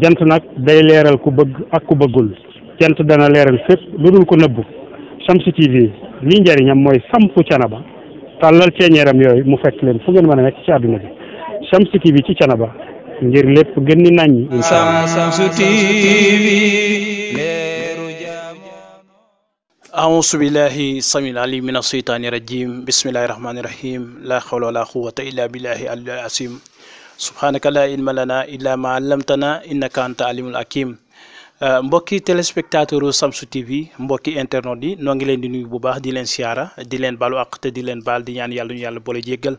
jant nag day leeral ku bëgg ak ku bëggul jant dana leeral fépp lu dul ko nëbbu Shamsu TV lii njëriñam mooy sampu canaba tàllal ceeñeeram yooyu mu fekk leen fu ngeen mën a nekk ci àdduna bi Shamsu TV ci canaba ngir lépp gën ni naññi incha allah Shamsu TV auzu billahi samil ali min asheytaani rajim bismillahi rahmaani la xawla wala quwata illa billahi alil subhanaka la ilma lana illa ma allamtana innaka anta alimul hakim uh, mbokki téléspectateur samsu TV mbokki internet yi no ngi len di nuyu bu baax di len siara di len balu ak te di len bal di ñaan yalla ñu bo le jéggal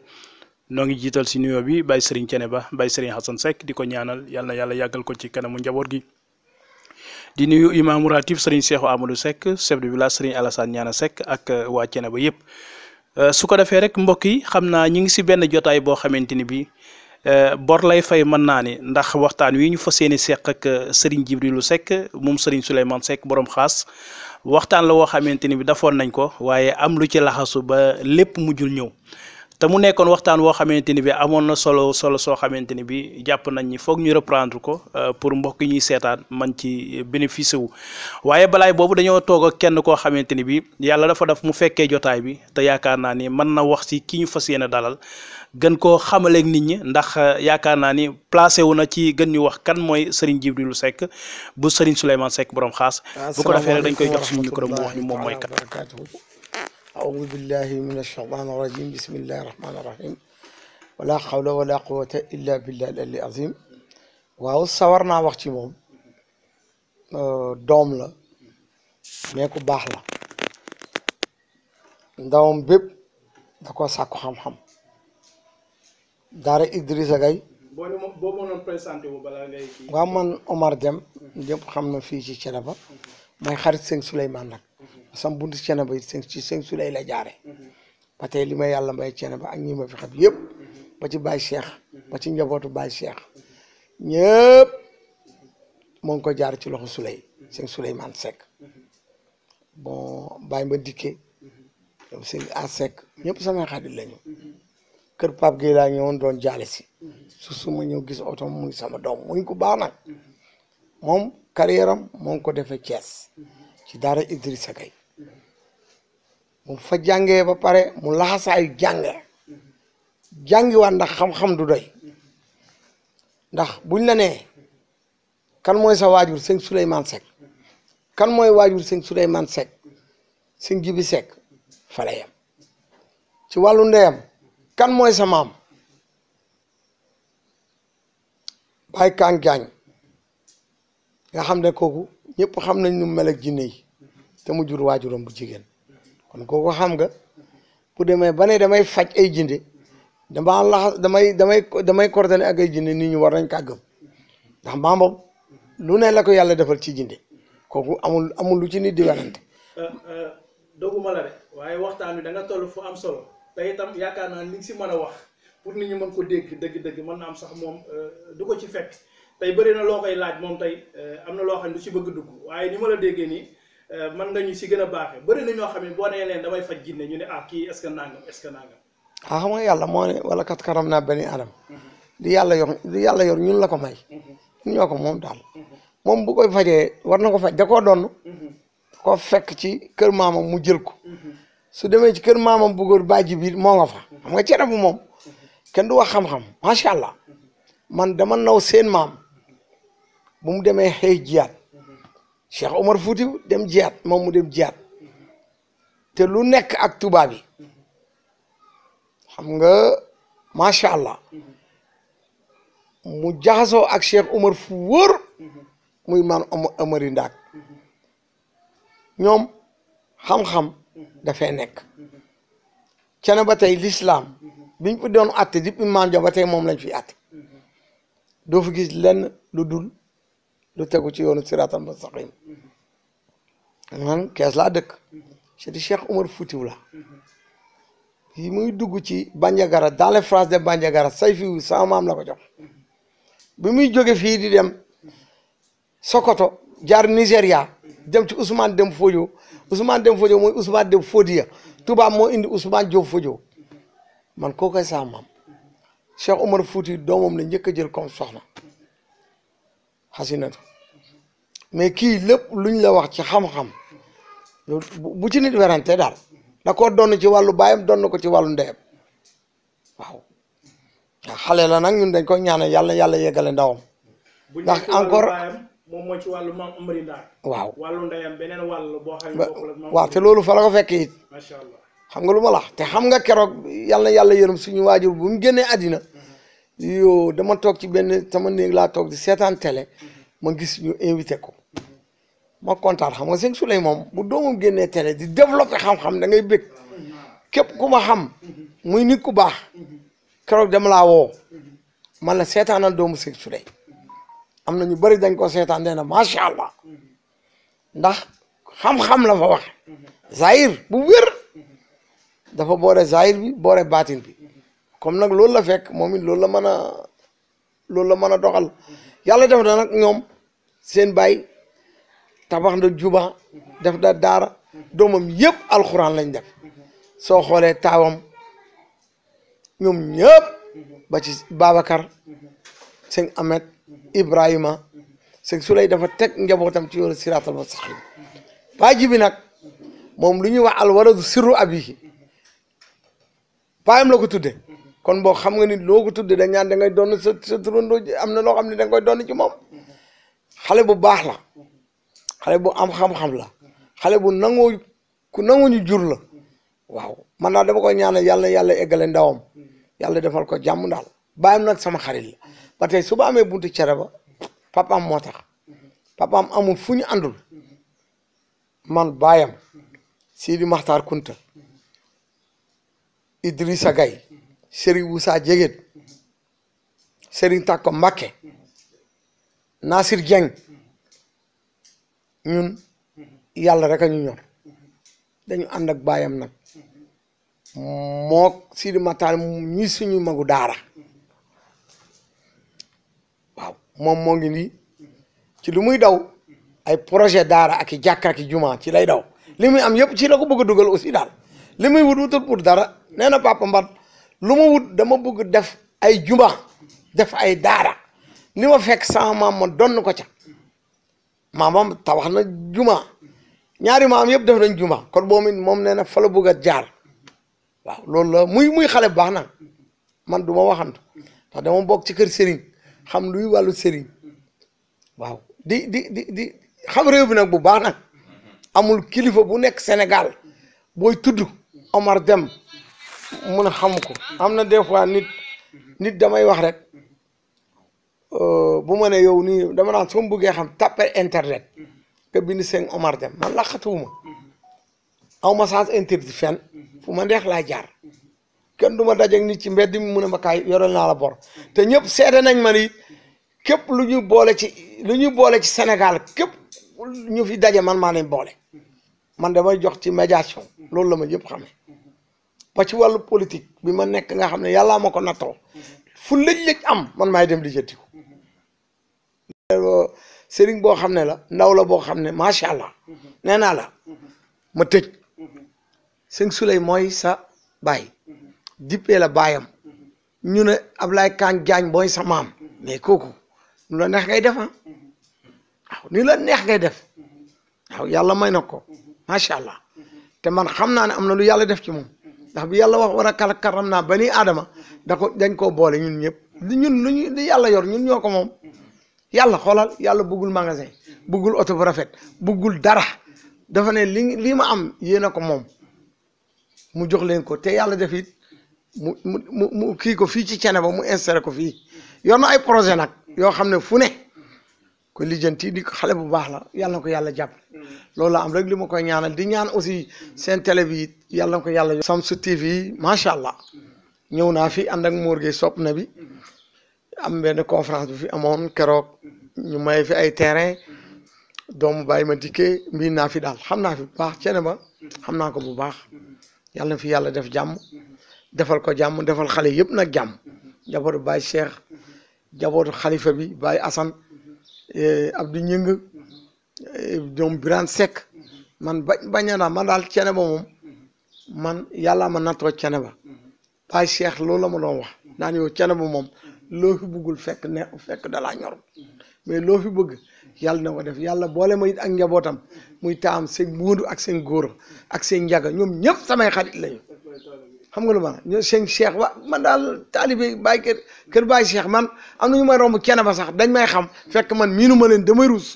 no ngi jital ci nuyu bi bay Serigne tiene Ba bay Serigne Hassan sek di ñaanal yalla yalla yagal ko ci kanamu njabot gi di nuyu imam ratif Serigne cheikh Amadou sek chef de village Serigne Alassane ñana sek ak uh, wa tiene Ba yépp uh, su ko rek mbokki xamna ñi ngi ci ben jotay bo xamanteni bi Euh, bor lay fay mën naa ni ndax waxtaan wi ñu fas yéene seq ak euh, jibri lu sekk moom Serigne Souleymane Seck boroom xaas waxtaan la woo xamante ni bi dafoon nañ ko waaye am lu ci laxasu ba lépp mu jul ñëw te mu nekkoon waxtaan woo xamante ni bi amoon na solo solo soo xamante ni bi jàpp nañ ñi foog ñu reprendre ko euh, pour mbokk ñuy seetaan man ci bénéficier wu waaye balaay boobu dañoo toog ak kenn koo xamante ni bi yàlla dafa def mu fekkee jotaay bi te yaakaar naa ni mën na wax si ki ñu fas yéene dalal gën koo xamaleeg nit ñi ndax euh, yaakaar naa ni placé wu na ci gën ñu wax kan mooy Serigne Djibril sekk bu Serigne Souleymane Seck boroom xaas. bu ko defee rek dañ koy jox suñu micro mu wax ñu moom mooy kan. أعوذ بالله من الشيطان الرجيم بسم الله الرحمن الرحيم ولا حول ولا قوة إلا بالله العلي العظيم waaw sawar naa wax ci moom euh, doom la mais ku baax la ndawam bépp da koo sàkku xam-xam Daara Idrissa Gaye boo demoon boo mënoon présenté waaw man Omar Deme ñëpp xam na fii ci ba may xarit sëñ Souleymane nag parce que buntu Thiénaba it ci sëñ Souley la jaare ba tey li ma yàlla may Thiénaba ak ñi ma fi xam yëpp ba ci Baye Cheikh ba ci njabootu Baye Cheikh ñëpp moo ngi ko jaar ci loxo Souley sëñ Souleymane sekk bon Baye ba dikkee sëñ A Seck ñëpp samay xarit lañu kër gi la laa won doon jaale ci su su ma gis oto muy sama doom muy ku baax nak mom carrière am moo ko défé ties ci dara Idrissa gay mu fa jangé ba pare mu jangé jangi wa ndax xam-xam du doy ndax buñ la né kan moy sa wajur seigne souleyman sek kan moy wajur seigne souleyman sek seigne Jibi sek fa la yem ci walu ndeyam. kan mooy sa maam Baye Kang nga xam ne kooku ñëpp xam nañ nu mel ak jinne yi te mu jur waajuram bu jigéen kon kooku xam nga bu demee ba ne damay faj ay jinde dama laxas damay damay damay coordonné ak ay jinde nit ñu war nañ kàggam ndax maamam lu ne la yàlla defal ci jinde kooku amul amul lu ci nit di werante euh, euh, doguma la de waaye waxtaan wi da toll fu am solo te itam yaakaar naa ni ngi si man a wax pour nit ñi mën koo dégg dëgg-dëgg mën na am sax moom euh, du ko ci fekk tey bëri na loo koy laaj moom tey euh, am na loo xam ne du si bëgg dugg waaye ni ma la déggee nii euh, man nga ñu si gën a baaxee bëri na ñoo xam ne boo nee leen damay faj jinne ñu ne ah kii est-ce que nangam est-ce ah, xam nga yàlla moo ne wala kat karam naa bani adam di mhm. yàlla yor di yàlla yor ñun la ko may. Mhm. ñun ñoo ko moom daal. Mhm. moom bu koy fajee war na ko faj da koo doon. koo fekk ci kër maamam mu jël ko. su demee ci kër maamam bu góor bàjji bi moo nga fa xam nga cere bu moom kenn du wax xam-xam macha allah man dama naw seen maam bu mu demee xëy jiyaat Cheikh Omar Fouti dem jiyaat moom mu dem jiyaat te lu nekk ak tubaab bi xam nga macha allah mu jaxasoo ak Cheikh Omar fu wóor muy man Omar yi ñoom xam-xam dafay nekk cene ba tey lislaam biñ fi doon atte depuis maam ja ba tey moom lañ fi atte doo fi gis lenn lu dul lu tegu ci yoonu siraatal mustaqim man kees laa dëkk c'est di Cheikh Omar Foutiou la yi muy dugg ci Bandiagara dans les phrases de Bandiagara say fiwu sama maam la ko bi muy jóge fii di dem Sokoto jaar Nigéria jëm ci Ousmane Dem Fodio Ousmane Dem Fodio mooy Ousmane Dem Fodia Touba moo indi Ousmane Diop Fodio man koo koy saa maam Cheikh Omar Fouti doomam la njëkk a jël comme soxna xasinatu mais kii lépp luñ la wax ci xam-xam bu ci nit werante daal da koo donn ci wàllu baayam donn ko ci wàllu ndeyam waaw xale la nag ñun dañ koy ñaanal yàlla yàlla yeggale ndawam ndax encore moom mooy ci wàllu maam waaw wàllu beneen wàll boo xam ne bokkul ak waaw te loolu fa la ko fekk allah xam lu ma la te xam nga keroog yàlla na yàlla yërëm suñu waajur bu mu génnee àddina mhm. dama toog ci benn tama néeg laa toog di seetaan télé mhm. ma gis ñu invité ko mhm. ma kontaan xam nga sëñ Souley moom bu doomam génnee télé di développé xam-xam da ngay bëgg képp ku ma xam muy nit ku baax keroog dama laa woo man la seetaanal doomu sëñ Souley am na ñu bari dañ ko seetaan nee na macha allah ndax xam-xam la fa wax zahir bu wér dafa boore zahir bi boore baatin bi comme nag loolu la fekk moom it loolu la mën a loolu la mën a doxal yàlla def da nag ñoom seen baay tabax na juba def na daara doomam yëpp alxuraan lañ def soo xoolee taawam ñoom ñëpp ba ci Babacar sëñ Ahmed Ibrahima sëñ Sulay dafa teg njabootam ci yoonu siraatal mustaqim baaji bi nag moom lu ñuy wax alwaladu sirru abihi baayam la ko tudde kon boo xam nga ni loo ko tudde da ñaan da ngay doon sa am na loo xam ne da nga koy doon ci moom xale bu baax la xale bu am xam-xam la xale bu nangoo ku nanguñu jur la waaw man naa dama koy ñaanal yàlla yàlla eggale ndawam yàlla defal ko jàmm daal bàyyam nag sama xarit la ba tey su ba amee buntu cere ba papaam moo tax papaam amul fu ñu àndul man baayam Sidi Maxtaar Kunta Idrissa Gaye Serigne Woussa Diegane Serigne Tako Mbacké Nasir Dieng ñun yàlla rek a ñu ñor dañu ànd baayam bàyyam nag moo Sidi Maxtaar ñuy suñu magu daara mom mo ngi ni ci lu muy daw ay projet dara ak jakka ak juma ci lay daw limuy am yep ci lako bëgg duggal aussi dal limuy wut wutul pour dara neena papa Mbat lu wut dama bëgg def ay juma def ay dara ni ma fekk sama mam mo don ko ca na juma ñaari mam yep def nañ juma kon bomin mom nee na fa la bëgg jaar waaw loolu la muy muy xale baxna man duma waxantu dama bok ci kër Serigne. xam luy wàllu sëriñ waaw di di di di xam réew bi nag bu baax nag amul kilifa bu nekk Sénégal booy tudd Omar Deme mun a xam ko am na des fois nit nit damay wax rek euh, bu ma ne yow nii dama naan soo bëggee xam tapé internet te bind seen Omar Deme man laqatuwuma aw ma sens interdit fenn fu ma neex laa jaar kenn du ma daje nit ci mbedd mu ne ma kaay yorel naa la bor te ñëpp seede nañ ma ni képp lu ñu boole ci lu ñu boole ci Sénégal képp ñu fi daje man maa leen boole man damay jox ci médiation loolu la ma ñëpp xamee ba ci wàllu politique bi ma nekk nga xam ne yàllaa ma ko nattoo fu lëj-lëj am man maay dem di jëtti ko sëriñ boo xam ne la ndaw la boo xam ne macha allah nee naa la ma tëj sëñ sulay mooy sa bàyyi dippe la baayam ñu ne Ablaye Kane Diagne booy sa maam mais kooku nu la neex ngay def ah waaw ni la neex ngay def waaw yàlla may na ko macha allah te man xam naa ne am na lu yàlla def ci moom ndax bi yàlla wax war a kala karam naa bani aadama da ko dañ koo boole ñun ñëpp di ñun lu ñu di yàlla yor ñun ñoo ko moom yàlla xoolal yàlla bëggul magasin bëggul oto bu rafet bëggul dara dafa ne li lii ma am yéen a ko moom mu jox leen ko te yàlla def it mu kii ko fii ci cene ba mu installé ko fii yor na ay projet nag yoo xam ne fu ne ko lijjanti di ko xale bu baax la yàlla na ko yàlla jàpp loolu la am rek li ma koy ñaanal di ñaan aussi seen télé bi yàlla na ko yàlla Shamsu TV macha allah ñëw naa fi ànd ak Mor Gueye sopp na bi am benn conférence bi fi amoon keroog ñu may fi ay terrain doomu bàyyi ma dikkee mbiir naa fi daal xam naa fi bu baax cene ba xam naa ko bu baax yàlla na fi yàlla def jàmm defal ko jàmm defal xale yëpp nag jàmm njabootu Baye Cheikh njabootu xalifa bi Baye Assane Abdou Ñëng ñoom Birane Seck man ba baña naa man daal cene ba moom man yàllaa ma nattoo cene ba Baye Cheikh loolu la ma doon wax naan yow cene ba moom loo fi bëggul fekk ne fekk dalaa ñor mais loo fi bëgg yàlla na ko def yàlla boole ma it ak njabootam muy taam seen muudu ak seen góor ak seen njaga ñoom ñëpp samay xarit lañu xam nga lu ma ñoo sëñ Cheikh wa man daal taalibe bàyyi kër kër bàyyi man am na ñu ma romb kenn ba sax dañ may xam fekk man miinu ma leen damay ruus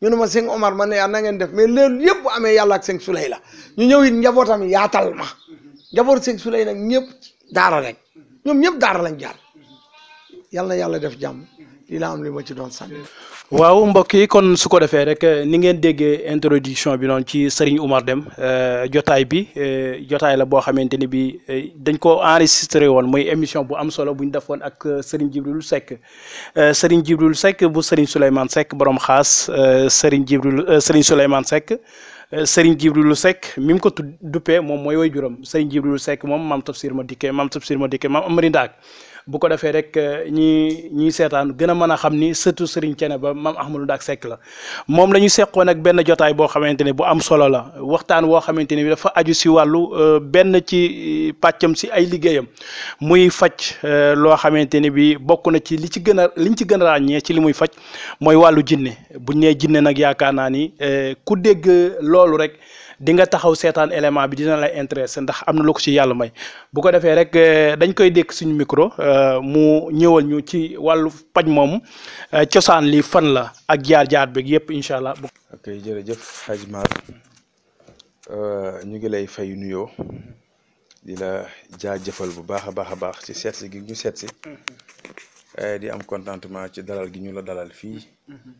ñu nu ma sëñ Omar man ne yaa na ngeen def mais loolu yëpp bu amee yàlla ak sëñ Suley la ñu ñëw it njabootam yaatal ma njaboot sëñ Suley nag ñëpp daara rek ñoom ñëpp daara lañ jaar yal na yàlla def jàmm lii laa am li ma ci doon sànni. waaw mbokk yi kon su ko defee rek eh, ni ngeen déggee introduction bi noonu ci Serigne Oumar Dème eh, jotaay bi eh, jotaay la boo xamante ni bi dañ ko enregistré woon mooy émission bu am solo bu ñu defoon ak Serigne Jibril Seck Serigne Jibril Seck bu Serigne Souleymane Seck boroom xaas Serigne Jibril Serigne Souleymane Seck. Sëriñ Jibrilu sekk mi mu ko tudd duppee moom mooy woy juram Sëriñ Jibrilu Seck moom maam Tafsir ma dikkee maam Tafsir ma dikkee maam Amari bu ko defee rek euh, ñi ñiy seetaan gën a mën a xam ni surtout Serigne Thiénaba maam Ahmadou Ndack Seck la moom la ñu seqoon ak benn jotaay boo xamante ne bu am solo la waxtaan woo xamante ne bi dafa aju si wàllu euh, benn ci euh, pàccam si ay liggéeyam muy faj loo xamante ne bi bokk na ci li ci gën a liñ ci gën a ràññee ci li muy faj mooy wàllu jinne buñ nee jinne nag yaakaar naa ni ku dégg loolu rek di nga taxaw seetaan élément bi dina la intéressé ndax am na lu ko ci yàlla may bu ko defee rek euh, dañ koy dékk suñu micro euh, mu ñëwal ñu ci wàllu paj moom euh, cosaan li fan la ak jaar-jaar beeg yëpp incha allah. ok jërëjëf Hadj Mar ñu ngi lay fay nuyoo di la jaajëfal bu baax a baax a baax ci seet gi ñu seet si di am contentement ci dalal gi ñu la dalal fii mm-hmm.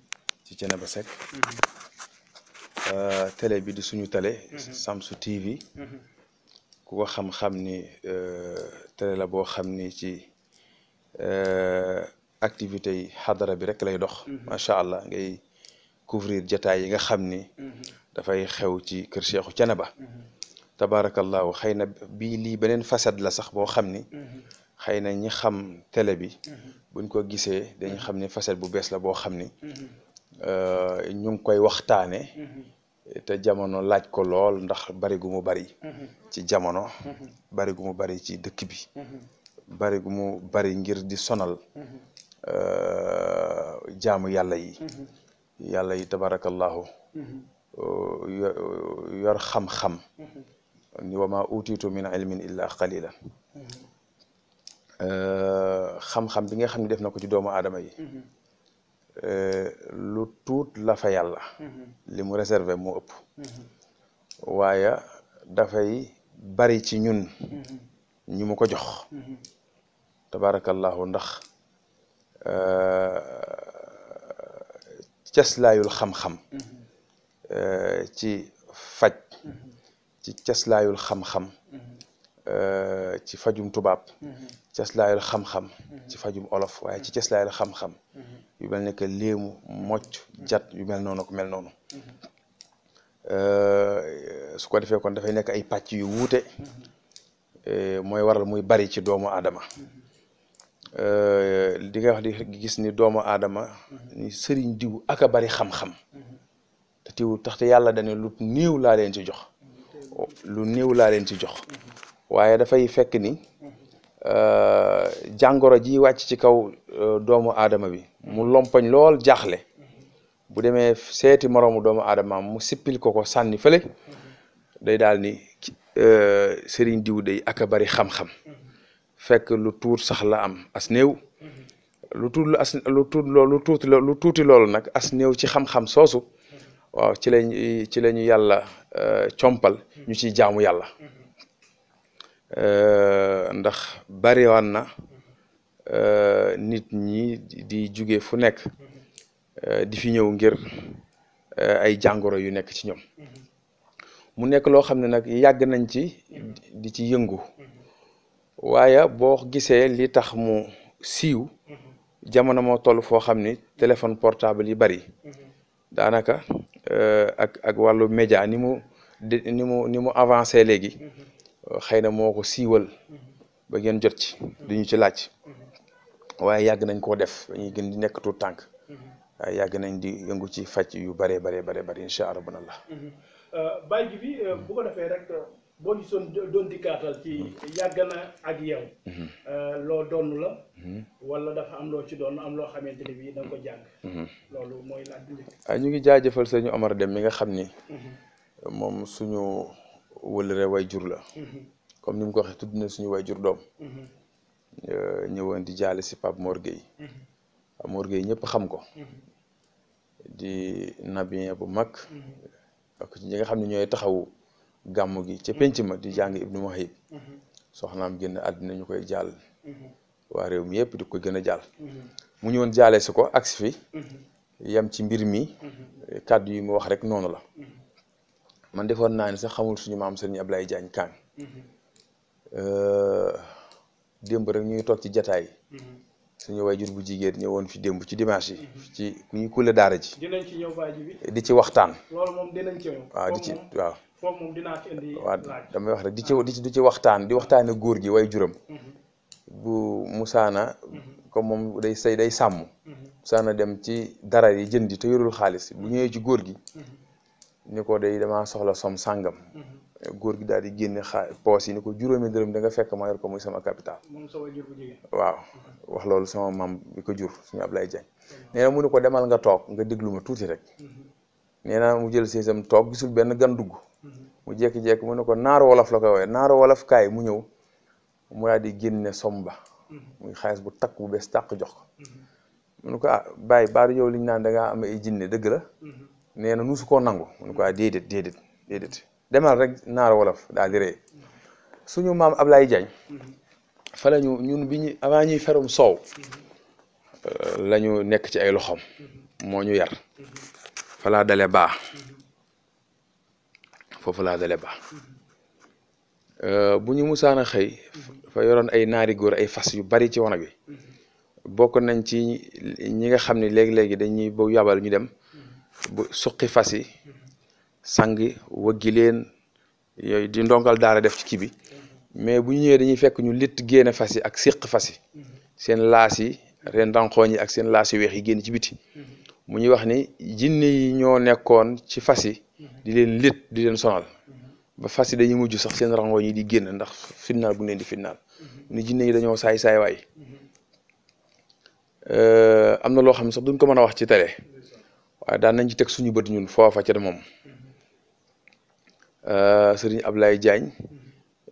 ci Thiénaba télé bi di suñu télé Samsu TV ku ko xam-xam ni télé la bo xam ni ci euh activité yi xadara bi rek lay dox ma sha allah ngay couvrir jotaay yi nga xam ni da fay xew ci keur cheikhou tianaba tabarak allah na bi li benen facette la sax bo xam ni xëy ñi xam télé bi buñ ko gisee dañ xam ni facette bu bes la bo xam ni ñu ngi koy waxtane te jamono laaj ko lol ndax bari gu mu bari ci jamono bari gu mu bari ci dëkk bi bari gu mu bari ngir di sonal euh jaamu yàlla yi yàlla yi tabarakallahu yor xam-xam ni wa ma utitu min ilmin illa qalilan euh xam-xam bi nga xam ni def nako ci doomu adama yi Euh, lu tuut la fa yàlla mm-hmm. li mu réservé moo ëpp mm-hmm. waaye dafay bari ci ñun mm-hmm. ñu mu ko jox tabarakallahu ndax euh, ceslaayul xam-xam euh, ci faj ci ceslaayul xam-xam ci fajum tubaab ceslaayul xam-xam ci fajum olof waaye ci ceslaayul xam-xam yu mel ne que léemu mocc jat yu mel noonu ak mel noonu euh, su ko defee kon dafay nekk ay pàcc yu wuute euh, mooy waral muy bari ci doomu aadama euh, di nga wax di gis ni doomu aadama ni sëriñ diw ak a bari xam-xam te tiw tax te yàlla dane lu néew laa leen ci jox lu néew laa leen ci jox waaye dafay fekk ni Euh, jàngoro ji wàcc ci kaw euh, doomu aadama bi mu lompoñ lool jaaxle bu demee seeti moroomu doomu aadamaam mu sippil ko sànni fale day daal ni euh, sëriñ diw day ak bari xam-xam fekk lu tuut sax la am as néew lu tuut tuut loolu lu tuuti lu tuuti loolu nag as néew ci xam-xam soosu waaw ci lañ ci la ñu yàlla compal ñu ciy jaamu yàlla Euh, ndax bariwaan na euh, nit ñi di jóge fu nekk euh, di fi ñëw ngir ay jàngoro yu nekk ci ñoom mu nekk loo xam ne nag yàgg nañ ci di ci yëngu waaye boo gisee li tax mu siiw jamono moo toll foo xam ni téléphone portable yi bari daanaka ak ak wàllu média ni mu ni mu ni mu avancé léegi xeyna moko siwal ba ngeen jot ci duñu ci lacc waye yag nañ ko def dañuy gën di nek tout tank waaye yàgg nañ di yëngu ci fajj yu bare bare bare bare insha allah allah bàyyi gi bi bu ko defé rek euh, boo ñu soon doon dikkaatal ci yagana ak yow mhm. euh, lo doon la mhm. wala dafa am lo ci doon am lo xamanteni bi da nga ko jàng mhm. loolu mooy laaj bi ah, ñu ngi jaajeufal señu Omar dem mi nga xamni mom suñu wëllëre jur la mhm. comme ni mu ko waxee tudd na suñu wayjur doom mhm. euh, ñëwoon di jaale si Pape Mor Gueye mhm. Pape Mor Gueye ñëpp xam ko di nabien bu mag ak ñi nga xam ne ñooy taxawu gàmmu gi ca penc ma di jàng Ibnu Wahib soxnaam génn àddina ñu koy jàll waa réew mi yëpp di ko gën a jàll mu ñëwoon jaale si ko agsi fi yam ci mbir mi kàddu yi mu wax rek noonu la man defoon naa ni sax xamul suñu maam sëriñ Ablaye Diagne Kang mm-hmm. euh, démb rek ñuy toog ci jataay mm-hmm. suñu wayjur bu jigéen ñëwoon fi démb ci dimanche yi. Mm-hmm. ci ñuy kulle daara ji. dinañ ñëw baaji bi. di ci waxtaan. loolu moom dinañ ci ñëw. waaw di wax rek ah. di ci di ci waxtaan di waxtaane góor gi way wayjuram. bu Musaana. comme moom day say day sàmm. Musaana dem ci dara yi jëndi te yorul xaalis bu ñëwee ci góor gi. ni ko day dama soxla som sangam mm-hmm. goor gi daal di génne xa poos yi ni ko juróomi dërëm da nga fekk ma yor ko muy sama capital waaw wax lolou sama mam bi ko jur suñu ablay Diagne mm-hmm. neena mu ni ko demal nga tok nga degluma touti rek mm-hmm. neena na mu jël sesam tok gisul ben gan dug mu jek jek mu ne ko naaru wolof la koy woy naaru wolof kay mu ñew mu daal di somba muy xaalis bu tak bu bes tak jox ko mu ne ko ah bàyyi baaru yow liñ nane da nga am ay jinne deug la nee na nuusu koo nangu mu ne ko ah demal rek naar wolof daal di ree suñu maam Ablaye Diagne mm-hmm. fa la ñu ñun bi ñu avant ñuy ferum soow mm-hmm. la ñu nekk ci ay loxoom mm-hmm. moo ñu yar fa laa dale baax foofu euh, bu ñu musaan xëy fa yoroon ay naari góor ay fas yu bari ci wanag wi bokk nañ ci ñi nga xam ne léegi-léegi dañuy boo yabal ñu dem bu suqi fas yi sangi wëggi leen yooyu di ndongal daara def ci kii bi mais bu ñu ñëwee dañuy fekk ñu litt génne fas yi ak séq fas yi seen laas yi seen danqooñ yi ak seen laas yu weex yi génn ci biti mu ñuy wax ni jinne yi ñoo nekkoon ci fas yi di leen litt di leen sonal ba fas yi dañuy mujj sax seen rangooñ yi di génn ndax fitnaal bu leen di fitnaal ni jinne yi dañoo saay saay waay euh, am na loo xam ne sax duñ ko mën a wax ci télé waaye ah, nañ ci teg suñu bët ñun foofa ca moom ah, sëriñ Ablaye Diagne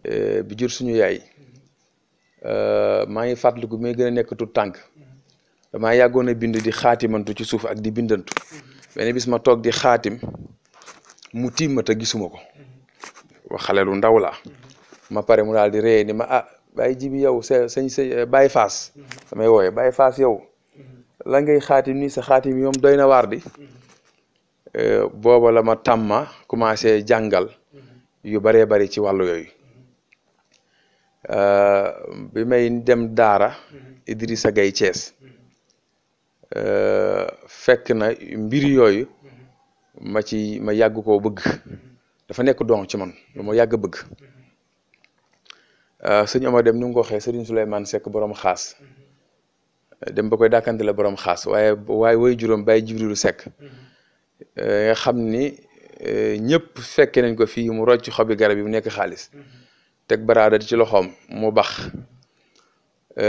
eh, bi jur suñu yaay ah, maa ngi fàttaliku may gën a nekk tut tànk damaa yàggoon a bind di xaatimantu ci suuf ak di bindantu benn bis ma toog di xaatim mu tiim ma te gisuma ko wax ndaw la ma pare mu daal di ree ni ma ah bàyyi ji bi yow sa sañ samay wooye bàyyi faas yow la ngay xaatim nii sa xaatim yi moom doy na waar di eh, booba la ma tàmma commencé jàngal yu baree bari ci wàllu yooyu eh, bi may dem daara sa Gay Cees fekk na mbir yooyu ma ci ma yàgg koo bëgg dafa nekk don ci man lu ma yàgg bëgg eh, sëñ Omar dem nu mu ko waxee sëriñ Souleymane Seck borom xaas dem ba koy dàkkante la borom xaas waaye waaye way juróom bàyyi jibrilu sekk mhm. xam ni e, ñëpp fekke nañ ko fii mu rocc xobi garab yi mu nekk xaalis mhm. teg baraada ci loxoom mu bax e,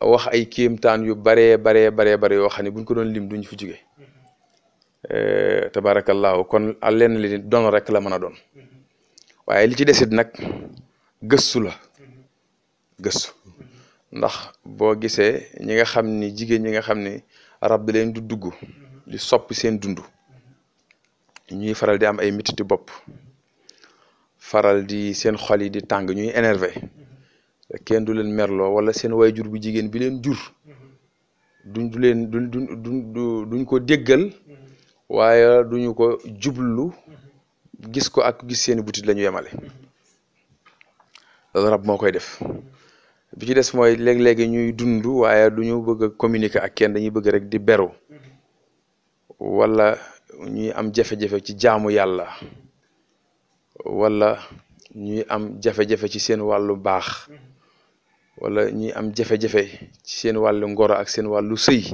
wax ay kéemtaan yu baree baree baree bare yoo xam ne buñ ko doon lim duñ fi jóge mhm. e, tabaarakallaahu kon lenn li doon rek la mën a doon waaye li ci desit nag gëstu la gëstu ndax boo gisee ñi nga xam ni jigéen ñi nga xam ni rab bi leen du dugg di soppi seen dund ñuy faral di am ay metiti bopp faral di seen xol yi di tàng ñuy énervé kenn du leen merlo wala seen jur bu jigéen bi leen jur duñ du leen duñ duñ ko déggal waaye duñu ko jublu gis ko ak gis seeni butit lañu yemale loolu rab moo koy def bi ci des mooy léeg-léegi ñuy dund waaye du ñu bëgg a ak kenn dañuy bëgg rek di beru walla ñuy am jafe-jafe ci jaamu yàlla wala ñuy am jafe ci seen wàllu baax wala ñuy am jafe-jafe ci seen wàllu ngoro ak seen wàllu sëy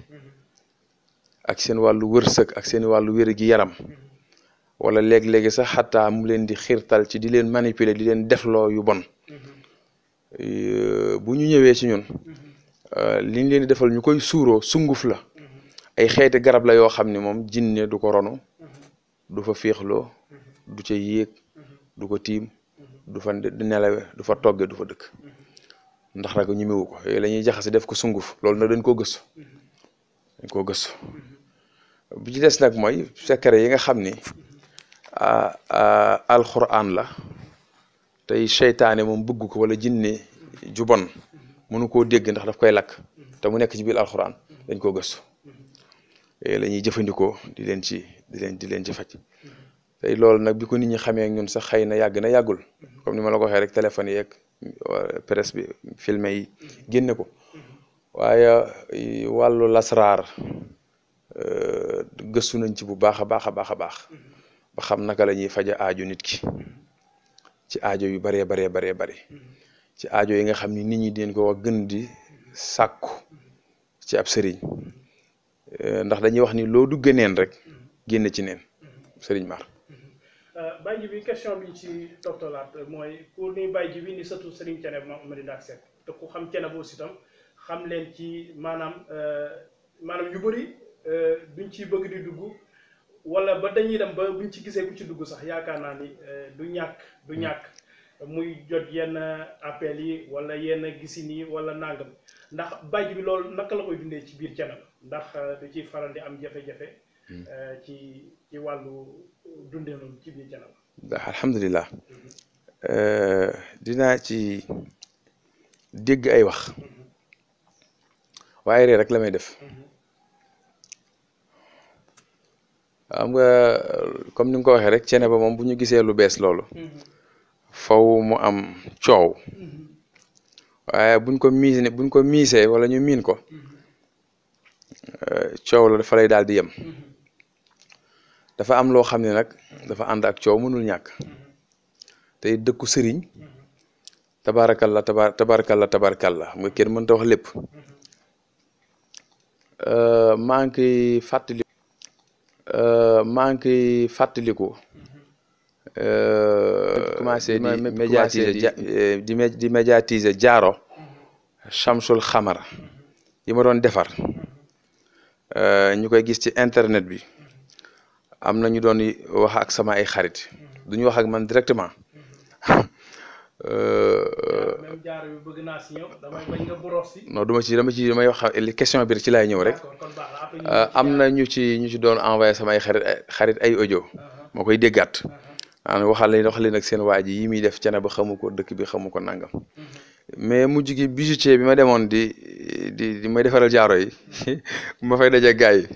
ak seen wàllu wërsëg ak seen wàllu wérgi yaram wala léegi léegi sax xataa mu leen di xiirtal ci di leen manipuler di leen defloo yu bon Euh, bu ñu ñëwee ci ñun euh, liñ leen di defal ñu koy suuroo sunguf la ay xeeti garab la yoo xam ne moom jinne du ko ronu du fa féexloo du ci yéeg du ko tiim du fa nelawe du fa togge du fa dëkk ndax rek ñu mewu ko yooyu la ñuy jaxase def ko sunguf loolu nag dañ koo gës dañ koo gës bu ci des nag mooy secret yi nga xam ni ah, ah, alxuraan la tey seytaane moom bëgg ko wala jinne ju bon mënu koo dégg ndax daf koy lakk te mu nekk ci biir alxuraan dañ koo gëstu lañuy jëfandikoo di leen ci di di leen ci faj tey loolu nag bi ko nit ñi xamee ñun sax xëy na yàgg na yàggul comme ni ma la ko waxee rek téléphone yeeg presse bi filme yi génne ko waaye wàllu lasraar euh, gëstu nañ ci bu baax a baax a baax a baax ba xam naka lañuy ñuy faja aaju nit ki ci aajo yu baree baree baree bëri ci ajo yi nga xam ni nit ñi deen ko wax gën di sàkku ci ab sëriñ eh, ndax dañuy wax ni loo dugg neen rek génn ci neen sëriñ Mar. Euh, Baye Djibi question bi ci toftalaat mooy pour ni Baye Djibi ni sëtu Serigne Thiénaba ma Amady Ndak Seck te ku xam Thiénaba aussi tam xam leen ci maanaam euh, maanaam yu bari euh, duñ ci bëgg di dugg wala ba dañuy dem ba buñ ci gisee ku ci dugg sax yaakaar naa ni du ñàkk. du ñàkk muy jot yenn appel yi wala yenn gisin yi wala nangam ndax bàjj bi loolu naka la koy dundee ci biir canal ndax euh, du ci faral di am jafe-jafe hmm. euh, ci ci wàllu dundee loolu ci biir canal ndax mhm. euh, dinaa ci dégg ay wax mhm. waaye re rek la may def mhm. xam nga comme ni nga ko waxee rek cene ba moom bu ñu gisee lu bees loolu faw mu am coow waaye buñ ko miis buñ ko miisee wala ñu miin ko eh, coow la dafa lay daal di yem dafa am loo xam ne nag dafa ànd ak coow mënul ñàkk tey dëkku sëriñ tabaarakalla la tabaarakalla tabaarakalla mu kenn mënta wax lépp eh, eh, maa ngi koy fàttaliku maa ngi koy fàttaliku Euh, commencé euh, di médiatiser di di médiatiser jaaro Shamsul Xamar yi ma doon defar euh, ñu koy gis ci internet bi am na ñu doon wax sama ay xarit du ñu wax ak man directement. même ma ci dama ci damay question bi ci laay ñëw rek. am na ñu ci ñu ci doon envoyé samay xarit xarit ay audio. Uh-huh. moo koy déggaat. Uh-huh. maanaam waxaale waxaale ak seen waa ji yi muy def cene ba xamu ko dëkk bi xamu ko nangam mhm. mais mujj gi bijoutier bi ma demoon di di di may defaral jaaro yi ma fay daje gaa yi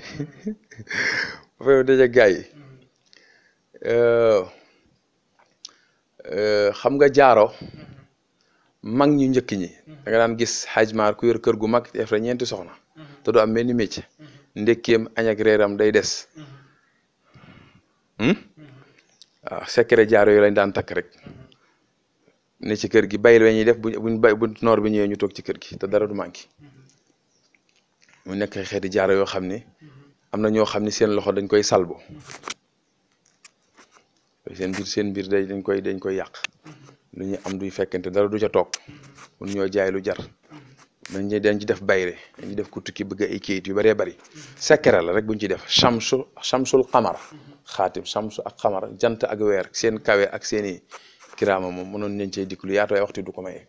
euh, euh, xam nga jaaro mhm. mag ñu njëkk ñi mhm. da nga daan gis xajmaar maar yor kër gu mag def la ñeenti soxna te du am benn métier ndekkeem añ day des hmm? waaw jaaro yooyu lañ daan takk rek ne ci kër gi bayil la ñuy def bu buñ bay bu noor bi ñëwee ñu toog ci kër gi te dara du manqué mu nekk xeeti jaaro yoo xam ne am na ñoo xam ne seen loxo dañ koy salbo seen biir seen biir dañ koy dañ koy yàq lu ñu am duy fekkente dara du ca toog mun ñoo jaay lu jar dañ dañ ci def bayre dañ def ku tukki bëgg ay kayit yu bari bari la rek buñ ci def shamsu shamsul qamar xaatim shamsu ak qamar jant ak weer seen kawe ak seeni kirama kiraama mënon ñen cey diklu lu yaatu waxti du ko maye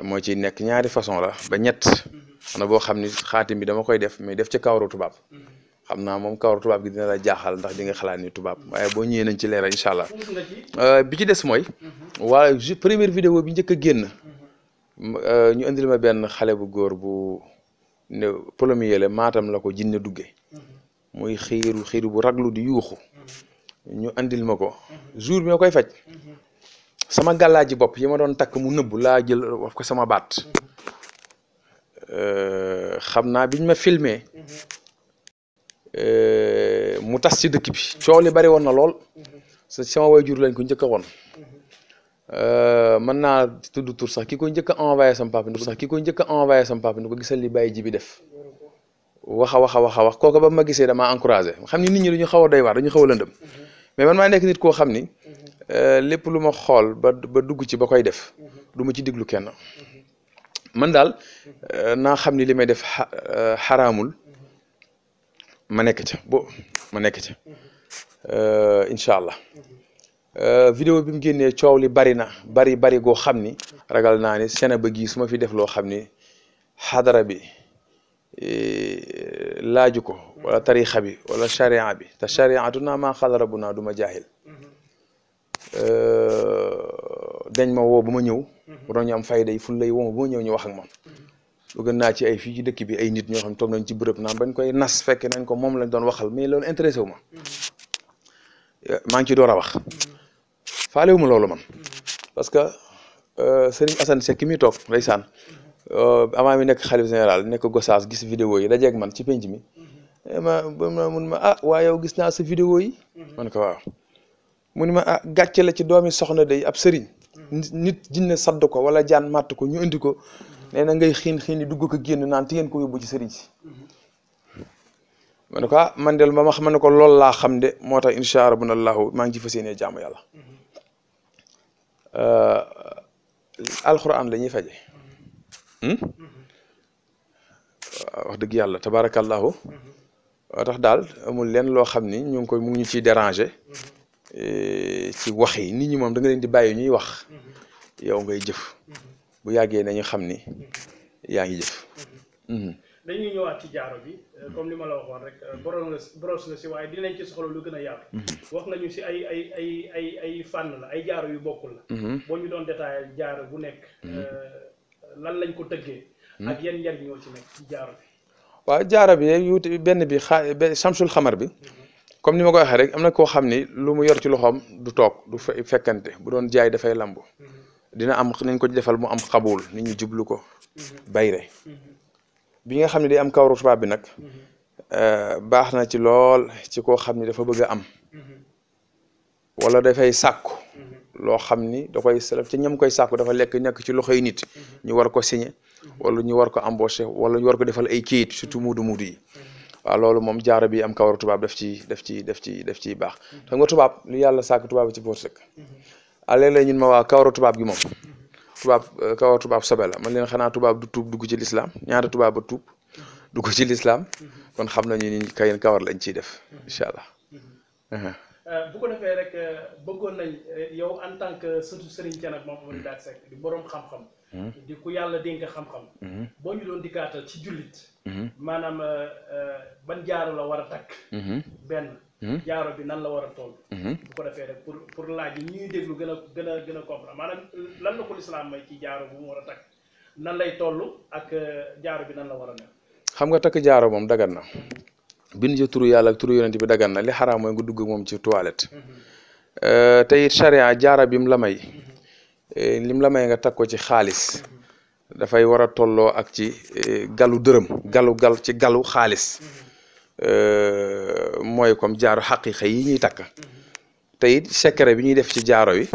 nek ci nek ñaari façon la ba ñett xana bo xamni ni bi dama koy def mais def ci kawru tubab xamna mom kawru tubab gi dina la jaaxal ndax di nga xalaat ni tubaab waaye boo nañ ci inshallah allah euh, bi ci dess moy mhm. wa premier vidéo bi ñëk Euh, ñu indil ma benn xale bu góor bu ne premier la maatam la ko jinne dugge mhm. muy xiiru xiiru bu raglu di yuuxu mhm. ñu andil ma ko mhm. jour bi ma koy faj sama gàllaaji bopp yi ma doon takk mu nëbbu laa jël wax ko sama baat euh, xam naa biñ ma filmee euh, mu tas ci dëkk bi coow li bari woon na lool sama wayjur lañ ko njëkk a Euh, man naa tudd tur sax ki ko njëkk a envoyé sama papa sax ki ko njëkk a sama papa ni ko gisal li bàyyi ji bi def wax a wax a wax a ba ma gisee damaa encouragé xam ni nit ñi dañu xaw a doy waar dañu xaw a lëndëm mais man maa nekk nit koo xam ni euh, lépp lu ma xool ba ba dugg ci ba koy def duma ci diglu kenn man daal euh, naa xam ni li may def xaraamul ma nekk ca bo ma nekk ca incha Euh, vidéo bi mu génnee coow li bari na bari bari goo xam ni ragal naa ni sene ba gii suma fi def loo xam ni xadara bi e, laaju ko wala tarixa bi wala charia bi te chariatu naa maa xadara bu naa duma ma jaahil euh, ma woo ba ma ñëw doon ñu am fayda yi ful lay woo ma ba ma ñëw ñu wax ak man lu naa ci ay fii ci dëkk bi nit ñoo xam toog nañ ci bërëb naan bañ koy nas fekk nañ ko moom lañ doon waxal mais loolu intéressé wu ma euh, maa ngi ci door a wax faalewu ma loolu man parce que euh, Serigne Assane Seck ki muy toog ndeysaan euh, avant mi nekk xalif général nekk Gossas gis vidéo yi jeg man ci penc mi eh, ma mun ma ah waa gis naa sa vidéo yi man ko waaw mu ma ah gàcce la ci doomi soxna day ab sëriñ nit jinne sadd ko wala jaan màtt ko ñu indi ko nee na ngay xiin xiin yi dugg ko génn naan ti ngeen ko yóbbu ci sëriñ si ma ne ko ah man del ma ma xam ne ko loolu laa xam de moo tax incha rabbuna allahu maa ngi ci fas yéenee jaamu yàlla Euh, alxuraan lañuy ñuy faje hmm? wax dëgg yàlla tabaarakallaahu tax daal amul leen loo xam ni ñu ngi koy mu ngi ñu ciy déranger eh, ci wax yi nit ñi moom da leen di bàyyi ñuy wax yow ngay jëf bu yàggee nañu xam ni yaa ngi jëf hmm. dañuy ñëwaat ci jaaro bi euh, mm-hmm. comme li ma la waxoon rek borom euh, la boros la si waaye dinañ ci soxla lu gën a yaatu. Mm-hmm. wax nañu si ay ay ay ay ay fànn la ay jaaro yu bokkul la. Mm-hmm. boo doon détaillé jaaro bu nekk. Euh, lan lañ ko tëggee. ak yan njariñ ñoo ci nekk ci jaaro bi. waaw jaaro bi benn bi xa samsul xamar bi. comme ni ma ko waxee rek am na koo xam ni lu mu yor ci loxoom du toog du fekkante bu doon jaay dafay lamb. dina am nañ ko defal mu am xabul nit ñu jublu ko. bayre bi nga xamni day am kawru tuba bi nak euh baxna ci lool ci ko xamni dafa bëgg am wala da fay sàkku lo xamni da koy salaf ci ñam koy sàkku dafa lek ñak ci loxoy nit ñu war ko signé wala ñu war ko embauché wala ñu war ko defal ay kayit surtout mudu mudu yi wa loolu mom jaara bi am kawaru tubaab daf ci daf ci daf ci daf ci bax xam nga tuba lu yàlla sàkk tubaab ci boor sëkk alé lay ñun ma wa kawru tuba gi mom tubaab euh, kaw tubaab sobe la man leen xanaa tubaab du tuub dugg ci lislaam ñaata tubaab a tuub dugg ci lislaam kon xam nañu ni kayen kawar lañ ciy def incha allah. Uh-huh. Euh, bu ko defee euh, nañ yow en tant que sëtu Serigne Thiénaba Mamadou Ndack Seck di borom xam-xam. Hmm? di ku yàlla dénk xam-xam. Hmm? boo ñu doon dikkaatal ci jullit. Hmm? maanaam ban jaaru war a takk. benn. jaaro bi nan la war a bu ko defee rek pour pour laaj yi déglu gën a gën comprendre maanaam lan la ko lislaam may ci jaaro bu mu war a nan lay toll ak jaaro bi nan la war mel. xam nga takk jaaro moom dagan na. bind ci turu yàlla ak turu yonent bi dagan na li xaraam mooy nga dugg moom ci toilette. te it charia jaara bi mu la lim la nga takk ci xaalis. dafay war a tolloo ak ci galu galu gal ci galu Euh, mooy comme jaaro xaqiqa yi ñuy takk mm-hmm. te it secret bi ñuy def ci jaaro yi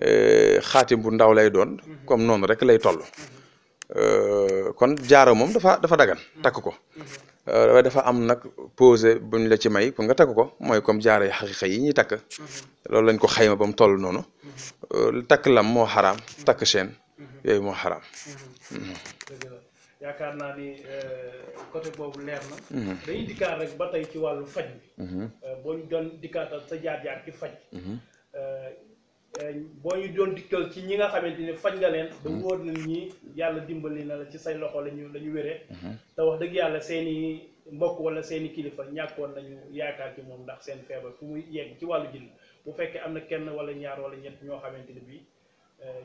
euh, xaatim bu ndaw lay doon mm-hmm. comme noonu rek lay toll mm-hmm. euh, kon jaaro moom dafa dafa dagan takk ko dafa am nag posé buñ la ci may pour nga takk ko mooy comme jaaro yi xëy yi ñuy takk loolu lañ ko xayma ba mu toll noonu takk lam moo xaraam takk chaîne yooyu moo xaraam yaakaar naa ni euh, côté boobu leer na. Mhm. dañuy dikkaat rek ba tey ci wàllu faj bi. Mhm. Euh, boo ñu doon dikkaatal sa jaar-jaar ci faj. Mhm. Euh, boo ñu doon dikkal ci ñi nga xamante ni faj nga leen. da wóor na ñi yàlla dimbali na la ci say loxo lañu la ñu wéree. te wax dëgg yàlla seen i mbokk wala seen i kilifa ñàkkoon nañu yaakaar ci moom ndax seen feebar fu muy yegg ci wàllu jinn bu fekkee am na kenn wala ñaar wala ñett ñoo xamante ni bii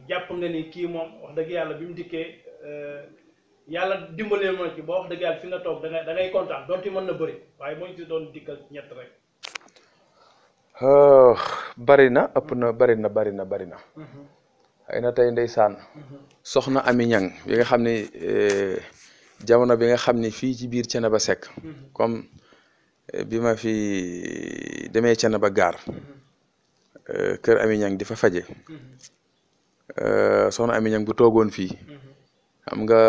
jàpp nga ni kii moom wax dëgg yàlla bi mu dikkee. yàlla dimbalee ma ci boo wax dëgg yàlla fi nga toog da ngay da mën na bëri waaye moo ci doon dikkal ñett rek. Ah, bari ëpp na bari na bari na bari na. Mhm. xëy na tey ndeysaan. Mhm. soxna amiñaŋ Ñang bi nga xam ne eh, jamono bi nga xam ne fii ci biir ba Seck. Mhm. comme eh, bi ma fi eh, demee ba gaar. kër amiñaŋ Ñang di fa faje soxna amiñaŋ bu toogoon fii. xam nga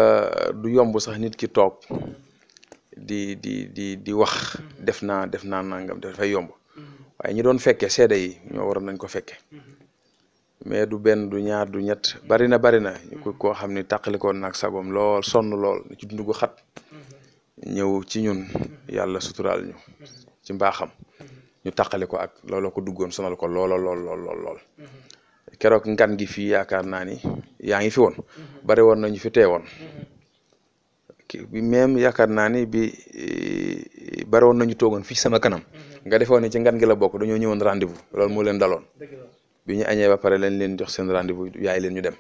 du yomb sax nit ki toog di di di di wax mm-hmm. def naa def naa nangam dafay yomb waaye ñi doon fekkee seede yi ñoo waroon nañ ko fekke mm-hmm. mais du benn du ñaar du ñett bari na bari na mm-hmm. koo xam ni tàqalikoon nag sagom lool sonn lool ci dund gu xat ñëw ci ñun yàlla suturaal ñu ci mbaaxam ñu tàqali ko ak looloo ko duggoon sonal ko lool lool keroog ngan gi fii yaakaar naa ni yaa ngi fi woon mhm. bari woon nañu fi teewoon mhm. bi même yaakaar naa ni bi eh, bari woon nañu toogoon fii sama kanam mhm. nga defoon ni ci ngan gi la bokk dañoo ñëwoon rendez-vous loolu moo leen daloon bi ñu añee ba pare lañ leen jox seen rendez-vous yaay leen ñu dem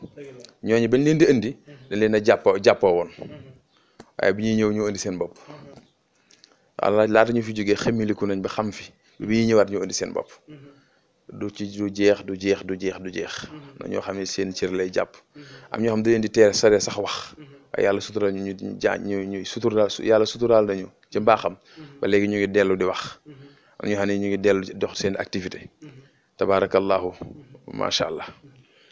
ñooñu bañ leen di indi dañ leen a jàppoo jàppoo woon waaye bi ñuy ñëw ñoo indi seen bopp walla laata ñu fi jógee xemiliku nañ ba xam fi bi ñuy ñëwaat ñoo seen bopp du ci du jeex du jeex du jeex du jeex mhm. na ñoo xam ne seen cër lay jàpp mhm. am ñoo xam da leen di teer sare sax wax mhm. yàlla suturaal ñu ñu ñuy suturaal yàlla suturaal nañu ci mbaaxam ba léegi ñu ngi dellu di wax am ñoo xam ne ñu ngi dellu dox seen activité tabaarakallahu macha allah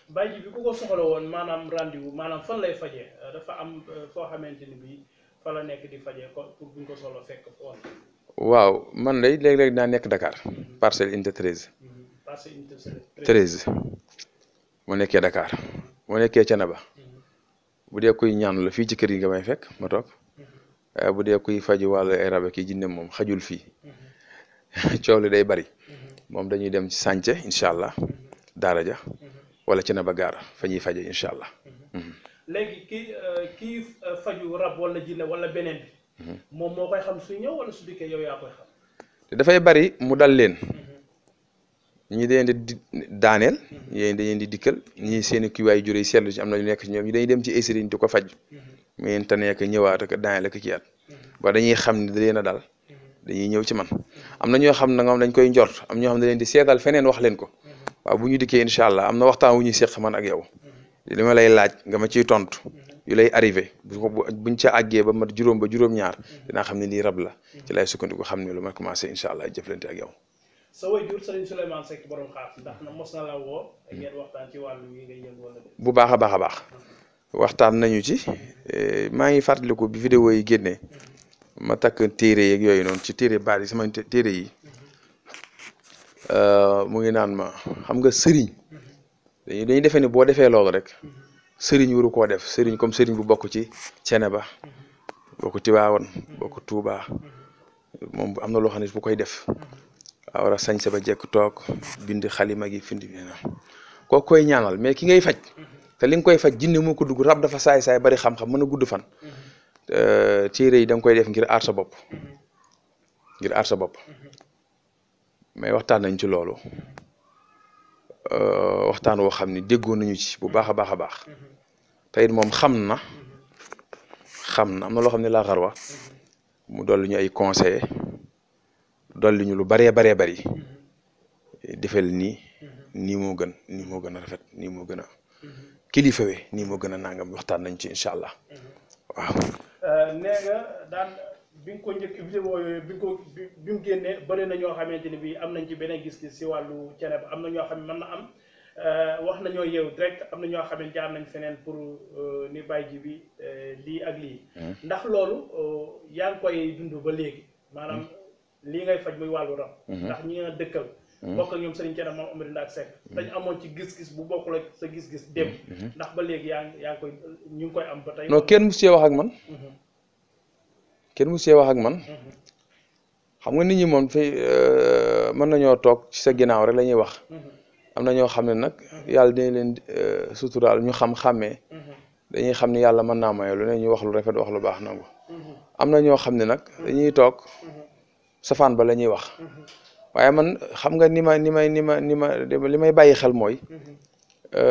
bàyyi bi ku ko soxla woon maanaam rendez maanaam fan lay fajee dafa am euh, foo xamante ni bii fa la nekk di fajee ko pour buñ ko soxla fekk foofu waaw man lay léeg-léeg naa nekk Dakar parcelle unité treize mu nekkee Dakar mu nekkee Canaba mhm. bu dee kuy ñaan la fii ci kër gi nga may fekk ma waaye mhm. eh, bu dee kuy faju wàllu ay ki jinne moom xajul fii mhm. coow li day bari moom dañuy dem ci sànce incha allah daara ja wala Canaba gaara fa faje incha allah léegi kii euh, euh, faju rab wala jinne wala beneen bi moom moo koy xam su ñëw wala su dikkee koy xam dafay bari mu dal leen ñi dañu di daaneel yéen dañu di dikkal ñii seen i kiiwaay jure yi seetlu ci am na nekk ci ñoom dañuy dem ci ay sëriñ di ko faj mu mm-hmm. yéen tane ak ñëwaat ak daaneel ak kiyaat mm-hmm. ba dañuy xam ne da leen a daal mm-hmm. dañuy ñëw ci man am na ñoo xam ne moom dañ koy njort am ñoo xam ne leen di seetal feneen wax leen ko waaw bu ñu dikkee incha allah am na waxtaan wu ñuy seq man ak yow li ma lay laaj nga ma ciy tontu yu lay arrivé bu ko buñ ca àggee ba mat juróom ba juróom-ñaar dinaa xam ne lii rab la ci lay sukkandiku xam ne lu ma commencé incha allah jëflante yow sa waajur bu baax a baax a baax waxtaan nañu ci eh, maa ngi fàttaliku bi vidéo yi génnee ma takk téere yeeg yooyu noonu ci téere baat yi sama téere yi euh, mu ngi naan ma xam nga sëriñ dañuy dañuy defee ni boo defee loolu rek sëriñ waru koo def sëriñ comme sëriñ bu bokk ci Ceneba bokk Tiwaawan bokk Tuubaa moom am na loo xam ne bu koy def waaw war a sañ sa ba jekk toog bind xalima gi findi nee na koo koy ñaanal mais ki ngay faj te li nga koy faj jinne moo ko dugg rab dafa saay saay bari xam-xam mën a gudd fan téere yi da koy def ngir aar sa bopp ngir aar sa bopp mais waxtaan nañ ci loolu euh, waxtaan woo xam ni déggoo nañu ci bu baax a baax a baax te it moom xam na xam na am na loo xam ne laa xar mu dolli ñu ay conseillers dolli ñu lu baree baree bari mm-hmm. defal nii mm-hmm. nii moo gën nii moo gën a rafet nii moo gën a mm-hmm. kilifa we nii moo gën a nangam waxtaan nañ ci incha allah waaw. Euh, nee nga daan bi nga ko njëkk bi nga bi mu génnee bëri na ñoo xamante ni bii am nañ ci beneen gis-gis si wàllu ceneb am na ñoo xam ne mën na am euh, wax nañoo yow direct am na ñoo xam ne nañ feneen pour euh, ni bàyyi ji bi lii ak lii. ndax loolu yaa ngi koy dund ba léegi maanaam. lii ngay faj muy wàllu rab mhm. ndax ñi a dëkkal mhm. bokk ak ñoom sëriñ Thierno Mame Amary Ndack Seck mhm. dañ amoon ci gis-gis bu bokkul la sa gis-gis dem ndax ba léegi yaa ngi koy am ba tey non kenn mu see wax ak man mu see wax ak man xam nga nit ñi moom fi euh, mën nañoo toog ci sa ginnaaw rek la wax am na ñoo xam ne nag yàlla dina leen euh, suturaal ñu xam-xàmmee dañuy xam ni yàlla mën naa maye lu ne ñu wax lu rafet wax lu baax nangu am na ñoo xam ne nag dañuy toog safaan ba la ñuy wax mm-hmm. waaye man xam nga ni ma ni may ni ma ni ma li may bàyyi xel mooy mm-hmm. euh,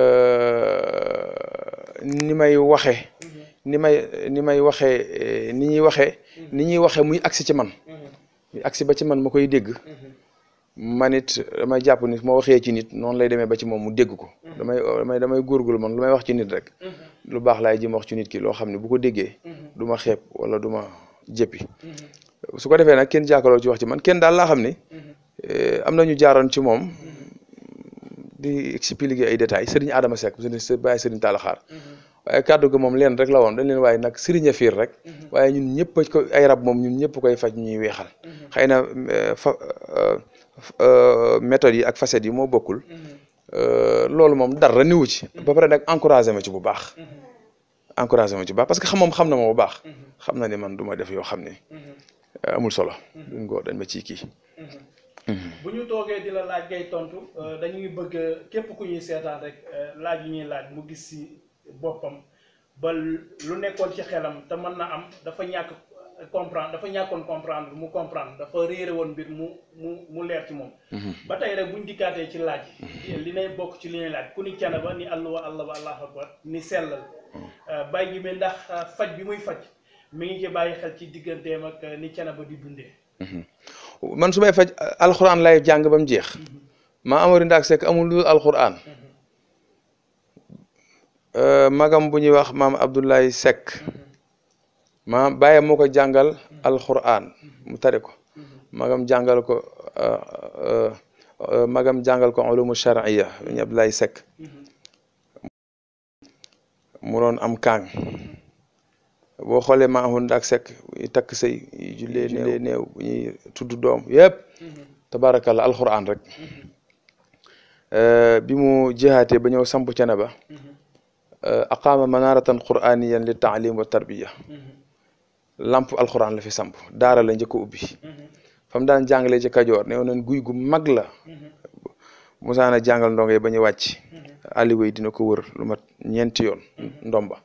mm-hmm. ni may waxe ni may ni may waxee ni ñuy waxe ni ñuy waxee muy agsi ci man muy agsi ba ci man ma koy dégg man it damay jàpp ni ma waxee ci nit noonu lay demee ba ci moom mu dégg ko damay damay damay góorgóorlu man lu may wax ci nit rek lu baax laay ji ma wax ci nit ki loo xam ne bu ko déggee du ma xeeb wala du ma su ko defee nag kenn jàkkaarloo ci wax man kenn daal laa xam ni eh, am na ñu jaaroon ci moom di expliquer ay détails Serigne Adama Seck Serigne Baye Serigne Talla Xaar waaye kàddu gi moom leen rek la woon dañ leen waaye nag Serigne fiir rek waaye ñun ñëpp ko rab moom ñun ñëpp koy faj ñuy weexal xëy na eh, fa eh, méthodes yi ak facettes yi moo bokkul loolu moom dara niwu ci ba pare nag encouragé ma ci bu baax encouragé ma ci bu baax parce que xam moom xam na ma bu baax xam na ni man du def yoo xam ne amul solo. duñ ko dañ ma ciy kii. Mhm. bu ñu toogee di la laaj ngay tontu euh, dañuy bëgg képp ku ñuy seetaan rek euh, laaj yu ñuy laaj mu gis si boppam ba lu nekkoon ci xelam te mën na am dafa ñàkk comprendre dafa ñàkkoon comprendre mu comprendre dafa réere woon mbir mu mu mu leer ci moom. Mhm. ba tey rek buñ dikkaatee ci laaj. Mhm. li nay bokk ci li ñuy laaj ku ni canaba ni allahu akbar allahu akbar ni sellal. Euh, bàyyi ji ndax faj bi muy faj. mi ngi ci bàyyi uh, mhm. man su may faj uh, alxuraan lay jàng ba mu jeex. Mhm. maa Amary Ndaak Seck amul lu dul mhm. uh, magam bu ñuy wax maam Abdoulaye Seck. maam Baye moo ko jàngal alxuraan mu tari ko. magam jàngal ko magam jàngal ko ulumu charia ñu Abdoulaye mu doon am kaang. boo xoolee Mahoun ak Seck yi takk sëy yi jullee néew néew tudd doom yëpp mm-hmm. tabaarakalla alxuraan rek mm-hmm. euh, bi mu jihaatee ba ñëw samp cene ba mm-hmm. euh, aqaama manaaratan quraaniyan li taalim wa tarbiya lamp alxuraan la fi samp daara la njëkk ubbi fa mu daan jàngalee ci kajoor néew nañ guy gu mag la musaana jàngal ndongo yi ba ñu wàcc dina ko wër lu mat ñeenti yoon ndomba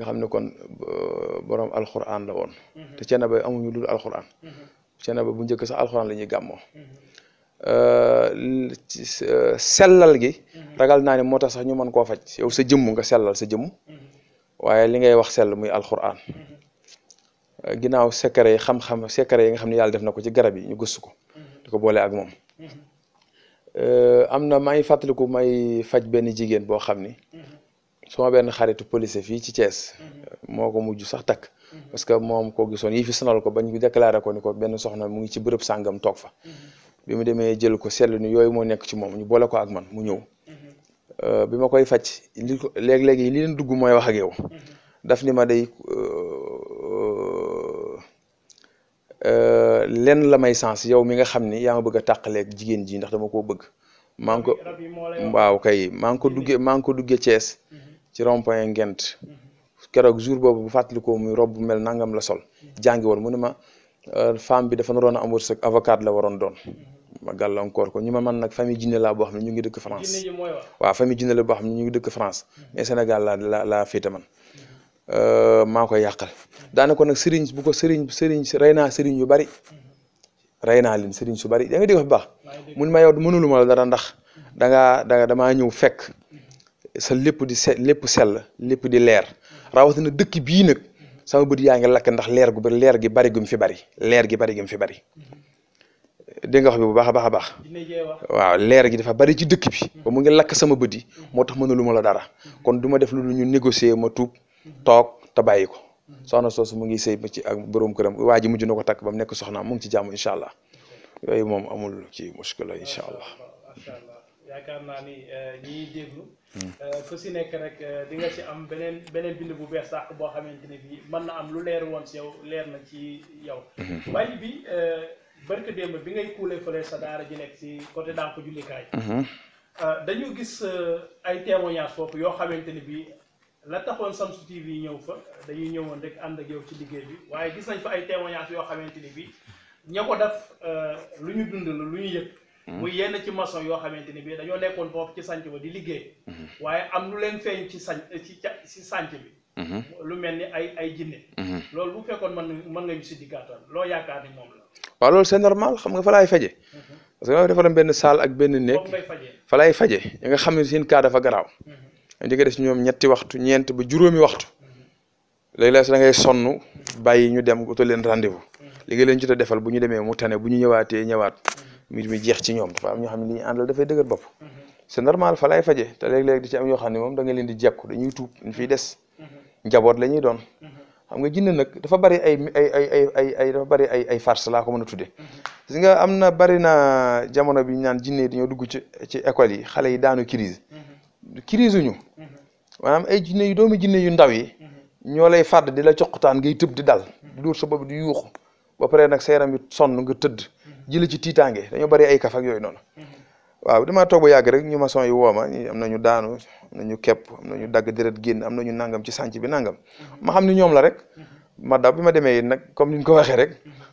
nga xam ne kon euh, borom alxuraan la woon. Mhm. te Ceenaba amuñu lu dul alxuraan. Mhm. Ceenaba bu njëkk sax alxuraan la ñuy gàmmoo. Mhm. Euh, euh, sellal gi. ragal naa ne moo tax sax ñu mën koo faj yow sa jëmm nga sellal sa jëmm. waaye li ngay wax sell muy alxuraan. ginnaaw secret yi xam-xam secret yi nga xam ne yàlla def na ko ci garab yi ñu gëstu ko. di ko boole ak moom. am na maa ngi may faj benn jigéen boo xam ni. suma benn xaritu policier fii ci cees mhm. moo ko mujj sax takk parce que moom koo gisoon yii fi sonal ko bañ ko déclaré ko ni ko benn soxna mu ngi ci bërëb sàngam toog fa mhm. bi mu demee jël ko seetlu ni yooyu moo nekk ci moom ñu boole ko ak man mu ñëw mhm. euh, bi ma koy faj li ko léeg-léeg yi li leen mooy wax ak yow daf ni ma day euh, euh, lenn la may sens yow mi nga xam ni yaa ma bëgg a tàqaleeg jigéen ji ndax dama koo bëgg maa ngi ko waaw kay maa ngi ko duggee maa ngi ko duggee Thiès ci rond-point Ngent jour boobu bu fàttalikoo mu rob bu mel nangam la sol jàngi woon mu ma euh, femme bi dafa naroon a am wërsëg la waroon doon ma gàllankoor ko ñu ma man nag famille jinne laa boo xam ne ñu ngi dëkk France waaw famille jinne la boo xam ne ñu ngi dëkk France mais Sénégal la laa féete man euh, maa koy yàqal daana ko nag sëriñ bu ko sëriñ sëriñ rey naa sëriñ yu bari rey naa leen sëriñ su bari da nga di baax mun ma yow mënulu ma la dara ndax da ngaa da damaa ñëw fekk sa lépp di se lépp sell lépp di leer rawatina dëkk bii nag sama bët yaa ngi lakk ndax leer gu leer gi bari gum fi bari leer gi bari gum fi bari dégg nga wax bi bu baax a baax a baax waaw leer gi dafa bari ci dëkk bi ba mu ngi lakk sama bët yi moo tax mëna lu ma la dara kon du ma def lu ñu négocier ma tuub toog te bàyyi ko soxna soosu mu ngi sëy ba ci ak borom këram waa ji mujj na ko takk ba mu nekk soxna mu ngi ci jàmm incha allah yooyu moom amul ci muskila incha yaakaar naa ni euh, ñiy déglu. Hmm. Euh, ku si nekk rek euh, di nga ci am beneen beneen bind bu beex sax boo xamante ne bii mën na am lu leer woon si leer na ci yow. wàññi hmm. bi barke démb bi ngay kuulee fële sa daara ji nekk si côté dànk jullikaay. Hmm. dañu gis ay témoignages foofu yoo xamante ne bii la taxoon Shamsu TV ñëw fa dañuy ñëwoon rek ànd ak yow ci liggéey bi waaye gis nañ fa ay témoignages yoo xamante ni bii ña ko def lu ñu dund la lu ñu yëg. Hmm. muy yenn ci maçon yoo xamante ni bii dañoo nekkoon foofu ci sànc ba di liggéey. Hmm. waaye am lu leen ci sànc ci ci sànc bi. Hmm. lu mel ni ay ay jinne loolu bu fekkoon mën mën loo yaakaar ni moom la. waaw normal xam nga fa laay faje parce que dafa defaroon benn saal ak benn néeg fa laay faje ñi nga xam ne seen cas dafa garaaw. di nga des ñoom ñetti waxtu ñeent ba juróomi waxtu. léeg-léeg da ngay sonn bàyyi ñu dem utal leen rendez-vous. li nga leen jot te defal bu ñu demee mu tane bu ñu ñëwaatee ñëwaat. mbir mi jeex ci ñoom dafa am ñoo xam ne li dafay dëgër bopp c'est normal fa lay faje te léeg-léeg da nga leen di jekku dañuy tuub ñu fiy des la ñuy doon xam nga dafa bari ay farce laa ko mën a tuddee gis nga am na bari na bi ñu naan jinne dañoo dugg ci école yi xale yi daanu crise crise uñu maanaam ay jinne yu doomi jinne yu ndaw yi ñoo lay fàdd di la coqutaan ngay tëb di dal duur sa bopp di yuuxu ba pare nag sa sonn nga tëdd jële ci tiitaange dañoo bari ay kaf yooyu noonu waaw damaa toog ba yàgg rek ñu maçon yi woo ma am nañu daanu nañu kepp am nañu dagg deret génn am nañu nangam ci sànc bi nangam mhm. ma xam ni ñoom la rek mhm. ma daw bi ma demee nag comme ni ñu ko waxee rek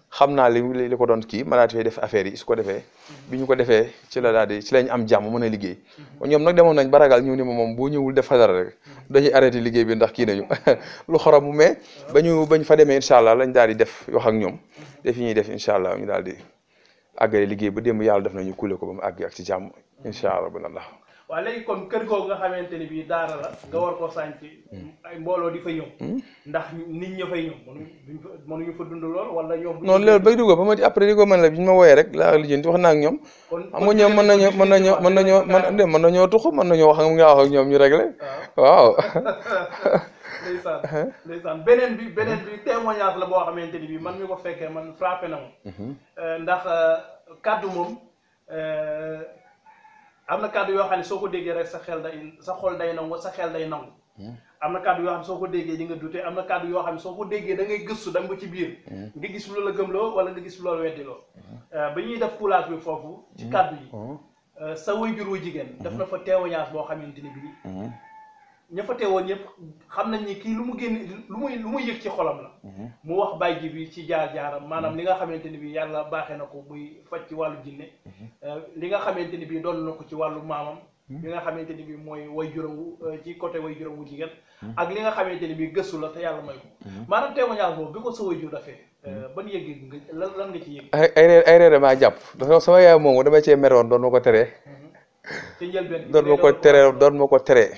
xam naa li li ko doon kii ma daal di def affaire yi su ko defee mhm. bi ñu ko defee ci la daal di ci am jàmm mën a liggéey ñoom nag demoon nañ baragal ñëw ni ma moom boo ñëwul def fa dara rek bi ndax kii nañu lu xoromu mais bañu bañ fa demee incha allah lañ daal di def wax ak ñoom def yi ñuy def incha allah ñu daal di àggale liggéey ba démb yàlla def nañu kuule ko ba mu àgg ak ci jàmm incha allah. waaw léegi kon kër googu xamante ni bii daara la nga war hmm. ay mbooloo di fa ñëw hmm. ndax nit ña fay ñëw mënuñu mënuñu fa dund wala ñoom noonu loolu bëgg ba ma après ko mën la bi ñu ma wooyee rek laa lijjanti wax naa ak ñoom xam nga ñoom mën nañu mën nañu mën nañoo mën mën nañoo tuxu mën nañoo wax nga wax ak ñoom ñu réglé ah. waaw ndeysaan ndeysaan beneen bi beneen bi témoignage la boo xamante ni bii man mi ko fekkee man frappé na ma mhm. euh, ndax euh, kàddu moom euh, am na kàddu yoo xam ne soo ko déggee rek sa xel day sa xol day nangu sa xel day nangu. Hmm. am na kàddu yoo xam soo ko déggee di nga dute am na kàddu yoo xam ne soo ko déggee da ngay gëstu dem ba ci biir. Hmm. nga gis loola gëmloo wala nga gis loola weddiloo. Hmm. Uh, ba ñuy def coulage bi foofu. ci kàddu yi. Uh, sa waajur wu jigéen. def na fa témoignage boo xamante bi bii. ña fa teewoon ñëpp xam nañ ni kii lu mu génn lu muy lu muy yëg ci xolam la. Mhm. mu wax Baye Jibi ci jaar-jaaram mhm. maanaam li nga xamante ni bii yàlla baaxee na ko buy faj ci wàllu jinne mhm. euh, li nga xamante ni bii doon na ko ci wàllu maamam. li nga xamante ni bii mooy way juróom euh, ci côté way juróom wu jigéen. ak li nga xamante ni bii gëstu la te yàlla may ko. maanaam témoignage boobu bi euh, ban yëg ci yëg. ay jàpp dafa sama yaay moomu dama cee meroon doon ma ko tere ci doon ma ko teree doon ko teree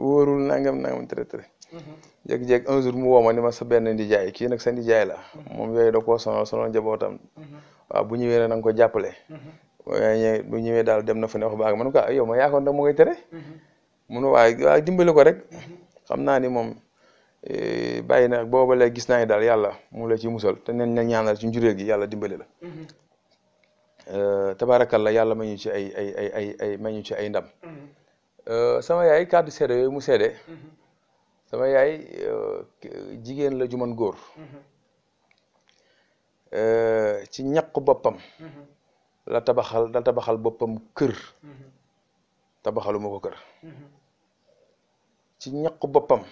wóorul nangam nangam très très. Mhm. jékki-jékki un mu woo ma ni ma sa benn nijaay kii nag sa nijaay la. Mhm. moom yooyu da koo sonal sonal njabootam. Mhm. waaw bu ñëwee na nga ko jàppale. ñëwee daal dem na fa ne wax baax man quoi ah, yow ma yaakaar ne mu ngi tere. waaye waaye dimbali ko rek. xam naa ni moom e, bàyyi na booba léegi gis naa ni daal yàlla mu la ci musal te nen na ñaanal ci njureel gi yàlla dimbali la. Euh, tabaarakalla yàlla may ñu ci ay ay ay ay ci ay ndam. Euh, sama yaay kàddu seede yooyu mu seede mhm. sama yaay euh, jigéen la ju man góor mhm. euh, ci ñaqu boppam mhm. la tabaxal la tabaxal boppam kër tabaxaluma ko kër ci ñaqu boppam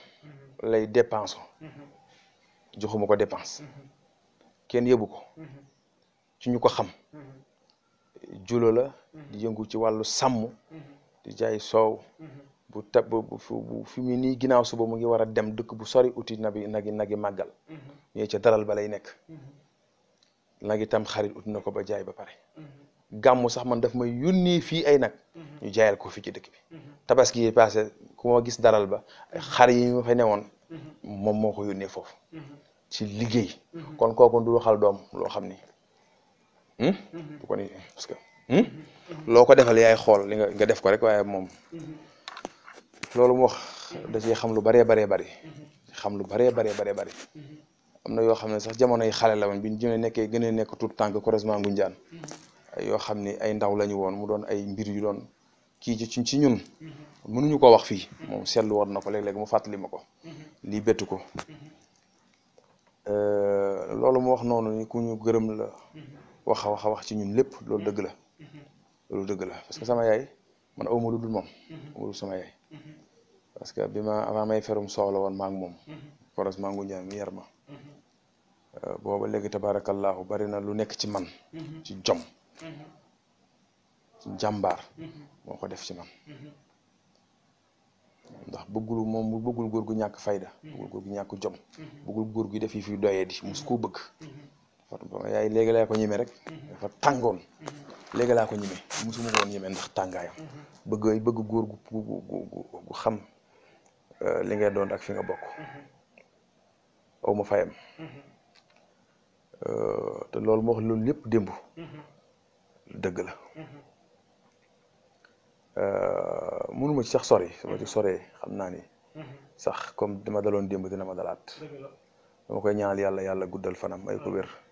lay dépense joxuma ko dépense kenn yëbu ko ci ñu ko xam julo la di yëngu ci wàllu sàmm di jaay soow bu tab bu fi mu nii ginnaaw suba mu ngi war a dem dëkk bu sori uti nagi nagi nagi màggal ñee ca daral ba lay nekk nag itam xarit uti na ko ba jaay ba pare gàmmu sax man daf may yónnee fii ay nag ñu jaayal ko fii ci dëkk bi tabaski yi passé ku ma gis daral ba xar yi ma fa newoon moom moo ko yónnee foofu ci liggéey kon kooku du waxal doom loo xam ni hmm? Hmm? loo ko defal yaay xool li nga def ko rek waaye moom loolu mu wax da ciy xam lu bëree baree bëri xam lu bëree baree baree bëri am na yoo xam ne sax jamonoy yi xale la woon bi ñu jëmee nekkee gën a nekk tout tànk heureusement Ngunjaan yoo xam ni ay ndaw lañu woon mu doon ay mbir yu doon kii ci ci ñun mënuñu ko wax fii moom seetlu woon na ko léeg-léeg mu fàttali ma ko lii bettu ko euh, loolu mu wax noonu ni ku ñu gërëm la wax a wax a wax ci ñun lépp loolu dëgg la loolu dëgg la parce que sama yaay man aw lu dul moom aw ma sama yaay parce que bi ma avant may ferum soxla woon maak moom koros maa ngu njaay mi yar ma euh, booba léegi tabaarakallaahu bari na lu nekk ci man ci jom ci jàmbaar moo ko def ci man ndax bëggul moom mu bëggul góor gu ñàkk fayda bëggul góor gu ñàkk jom bëggul góor gu def yi fi doyee di mus koo bëgg yaay léegi laa ko ñeme rek mhm. dafa tàngoon mhm. léegi laa ko ñeme musuma ko woon ñeme ndax tàngaayam mhm. bëgg bëgg góor gu gu xam euh, li ngay doon ak fi nga bokk awma fayam euh, te loolu moo loolu lépp démb dëgg la euh, mënuma ci sax sori su ma ci soree xam naa ni sax comme dama daloon démb dina ma dalaat dama koy ñaanal yàlla yàlla guddal fanam ay ko wér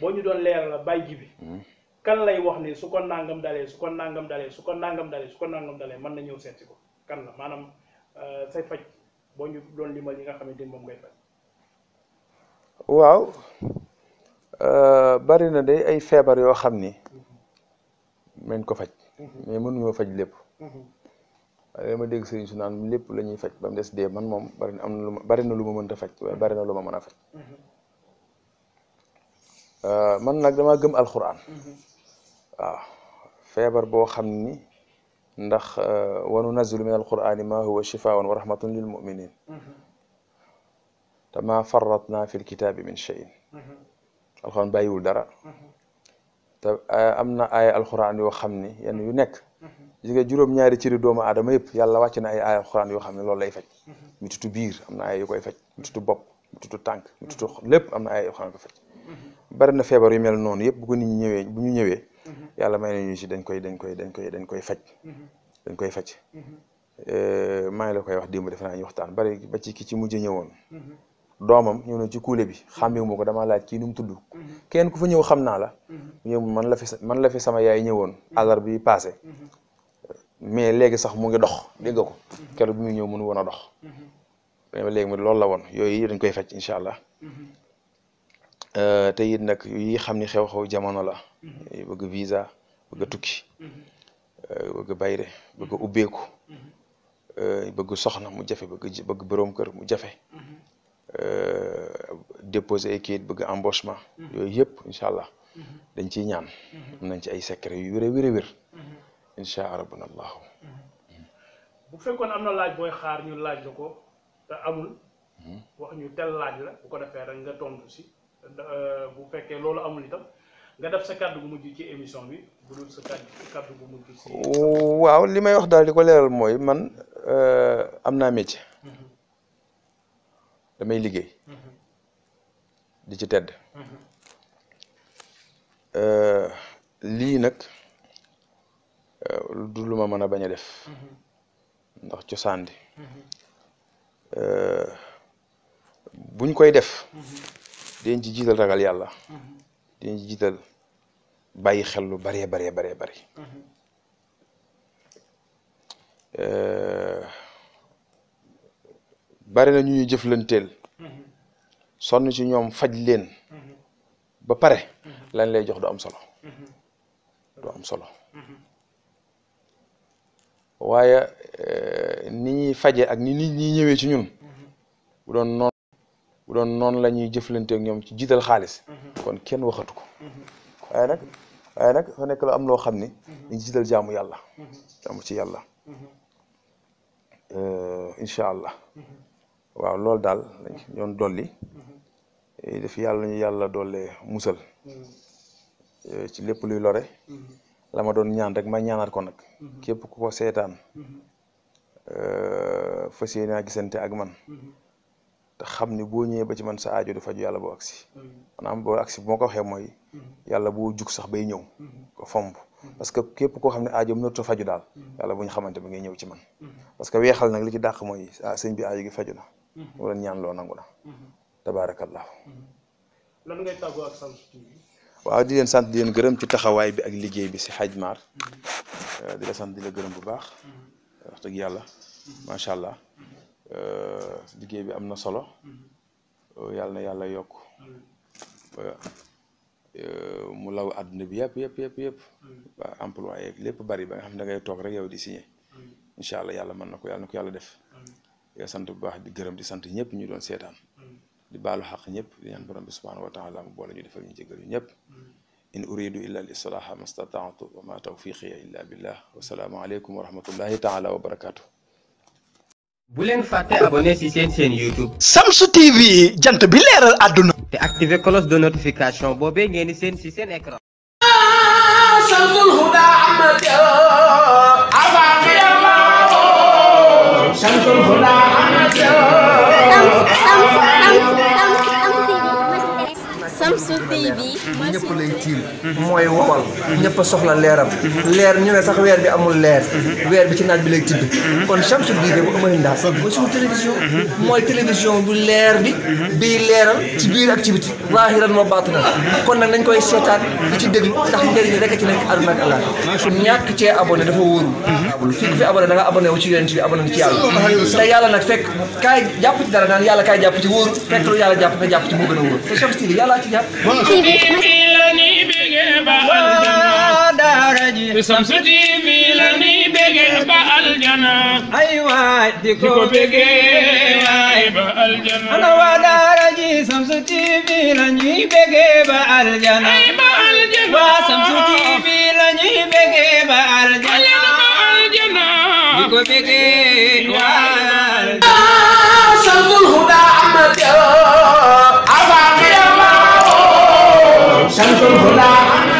boo ñu doon leer la bàyyi ji bi hmm. kan lay wax ni su ko nangam dalee su ko nangam dalee su ko nangam dalee su ko nangam dalee mën na ñëw seet ko kan la maanaam euh, say faj boo ñu nga xamante ni moom ngay faj. Euh, bari na de ay feebar yoo xam ni mañ hmm. ko faj. Hmm. mais mënuñoo faj lépp. waaye ma dégg su naan lépp la ñuy faj ba mu des man moom bari na am na lu ma bari na lu ma mënta faj waaye bari na lu ma mën a faj. man nag dama gëm alxuraan waaw feebar boo xam ni ndax wanu nazilu min alqurani ma huwa shifaan wa rahmatun lil muminin te ma farratna fi lkitaabi min cheyin alxuraan bàyyiwul dara te am na ay alxuraan yoo xam ni yenn yu nekk gis nga juróom-ñaari cëri doomu aadama yëpp yàlla wàcc na ay ay alxuraan yoo xam ne loolu lay faj mu tutu biir am na ay yu koy faj mu tutu bopp mu tutu tànk mu tutu lépp am na ay alxuraan ko faj bari na feebar yu mel noonu yëpp bu ko nit ñi ñëwee bu ñu ñëwee mhm. yàlla may nañu si dañ koy dañ koy dañ koy dañ koy faj mhm. dañ koy faj mhm. euh, maa ngi la koy wax démb def naa ñu waxtaan bari ba ci ki ci mujj ñëwoon doomam ñëw na ci kuule bi xàmmewu ko damaa laaj kii nu mu tudd kenn ku fa ñëw xam naa la ñëw man la fi man la fi sama yaay ñëwoon àllar bi passé mais léegi sax mu ngi dox dégg ko kenn bi muy ñëw mënu woon a dox léegi léegi loolu la woon yooyu dañ koy faj incha allah Euh, te it nag yi xam ni xew-xew jamono la mhm. bëgg visa bëgg mhm. tukki mhm. Euh, bëgg bayre bëgg ubbeeku euh, bëgg soxna mu jafe bëgg bëgg boroom kër mu jafe déposer ay bëgg embauchement yooyu yëpp incha allah dañ ciy ñaan am nañ ci ay secret yu wér a wér a wér incha rabbuna allahu bu fekkoon am na laaj booy xaar ñu laaj la ko te amul wax ñu tel laaj la bu ko defee rek nga tontu si Euh, bu fekkee loolu amul itam nga def sa kàddu gu mujj ci émission bi bu dul sa kàddu gu mujj ci waaw li may wax daal di ko leeral mooy man euh, am naa métier. Mhm. damay liggéey. Mhm. di ci tedd. Mhm. Euh, lii nag du lu ma mën a bañ a def. ndax cosaan di buñ koy def. dinañ ci jiital ragal yàlla. Mhm. dinañ ci jiital bàyyi xel lu baree baree baree mhm. bari. na ñu ñuy jëflanteel. Mhm. sonn ci ñoom faj leen. ba pare lañ lay jox du am solo. du am solo. waaye eh, ni ñuy faje ak ni nit ñi ñëwee ci ñun. bu doon noonu. bu doon noonu la ñuy jëflanteeg ñoom ci jiital xaalis kon kenn waxatu ko waaye nag waaye nag nekk la am loo xam ni dañ jiital jaamu yàlla jaamu ci yàlla euh, loolu daal lañ doon eh, yàlla ñu yàlla doole musal eh, ci lépp luy lore la doon ñaan rek ma ñaanaat ko nag képp ko seetaan mm-hmm. euh, fas yéenaa gisante ak man mm-hmm. te xam ni boo ñëwee ba ci man sa aajo du faju yàlla boo agsi mm-hmm. maanaam boo agsi bu ma ko waxee mooy mm-hmm. yàlla boo jug sax bay ñëw mm-hmm. ko fomb parce que képp koo xam ne aajoom nat ta faju daal yàlla bu ñu xamante ba ngay ñëw ci man parce que weexal nag li ci dàq mooy ah bi aajo gi faju na wala ñaan loo nangu na tabaarakallah waaw di leen sant di leen gërëm ci taxawaay bi ak liggéey bi si xaj maar euh, di la sant di la gërëm bu baax wax yàlla macha allah ليجي بأمنا صلاة يالنا يالله يوك ملاو أدنى بياب بياب بياب بياب أمبلوا أيك ليه بباري بعه هم نجاي توقرة يودي سيني إن شاء الله يالله منكوا يالله كيالله دف يا سنتو بعد قرب دي سنتين يب نجودون سيدام دي بالو حق يب ديان برام بسمان وتعالى مبولا نجودفعل نجعل يب إن أريد إلا الإصلاح ما استطعت وما توفيقي إلا بالله والسلام عليكم ورحمة الله تعالى وبركاته bu leen fàtte abonné ci seen seen YouTube Shamsu TV jant bi leeral àdduna te activer cloche de notification boobee ngeen di seen ci seen écran Samsung Huda Ahmad Samsung Samsung Samsung Huda TV Shamsu TV Mhm. ñëpp lay tiim mhm. mooy wowal mhm. ñëpp a soxla leeram leer ñu ne sax weer bi amul leer weer bi ci naaj bi lay tibb kon Shamsu Diine bu amay ndaas mooy suñu télévision mooy télévision bu leer bi bii leeral ci biir activité zaahiran wa baatinan kon nag nañ koy seetaan di ci déglu ndax njëriñ rek ci nekk àdduna ak àllaahi ñàkk cee abonné dafa wóorul fii ku fi abonné da nga abonné wu ci yonent bi abonné ci yàlla te yàlla nag fekk kaay jàpp ci dara naan yàlla kaay jàpp ci wóorul fekk lu yàlla jàpp nga jàpp ci moo gën a wóor te Shamsu Diine yàllaa ci jàpp Samsu TV la ñuy bégee ba aljana ay waay di ko bégee waay ba aljana ana waa daara ji Samsu TV la ñuy bégee ba aljana ay ba aljana waa Samsu TV la ñuy bégee ba aljana di ko bégee waay 说不无价。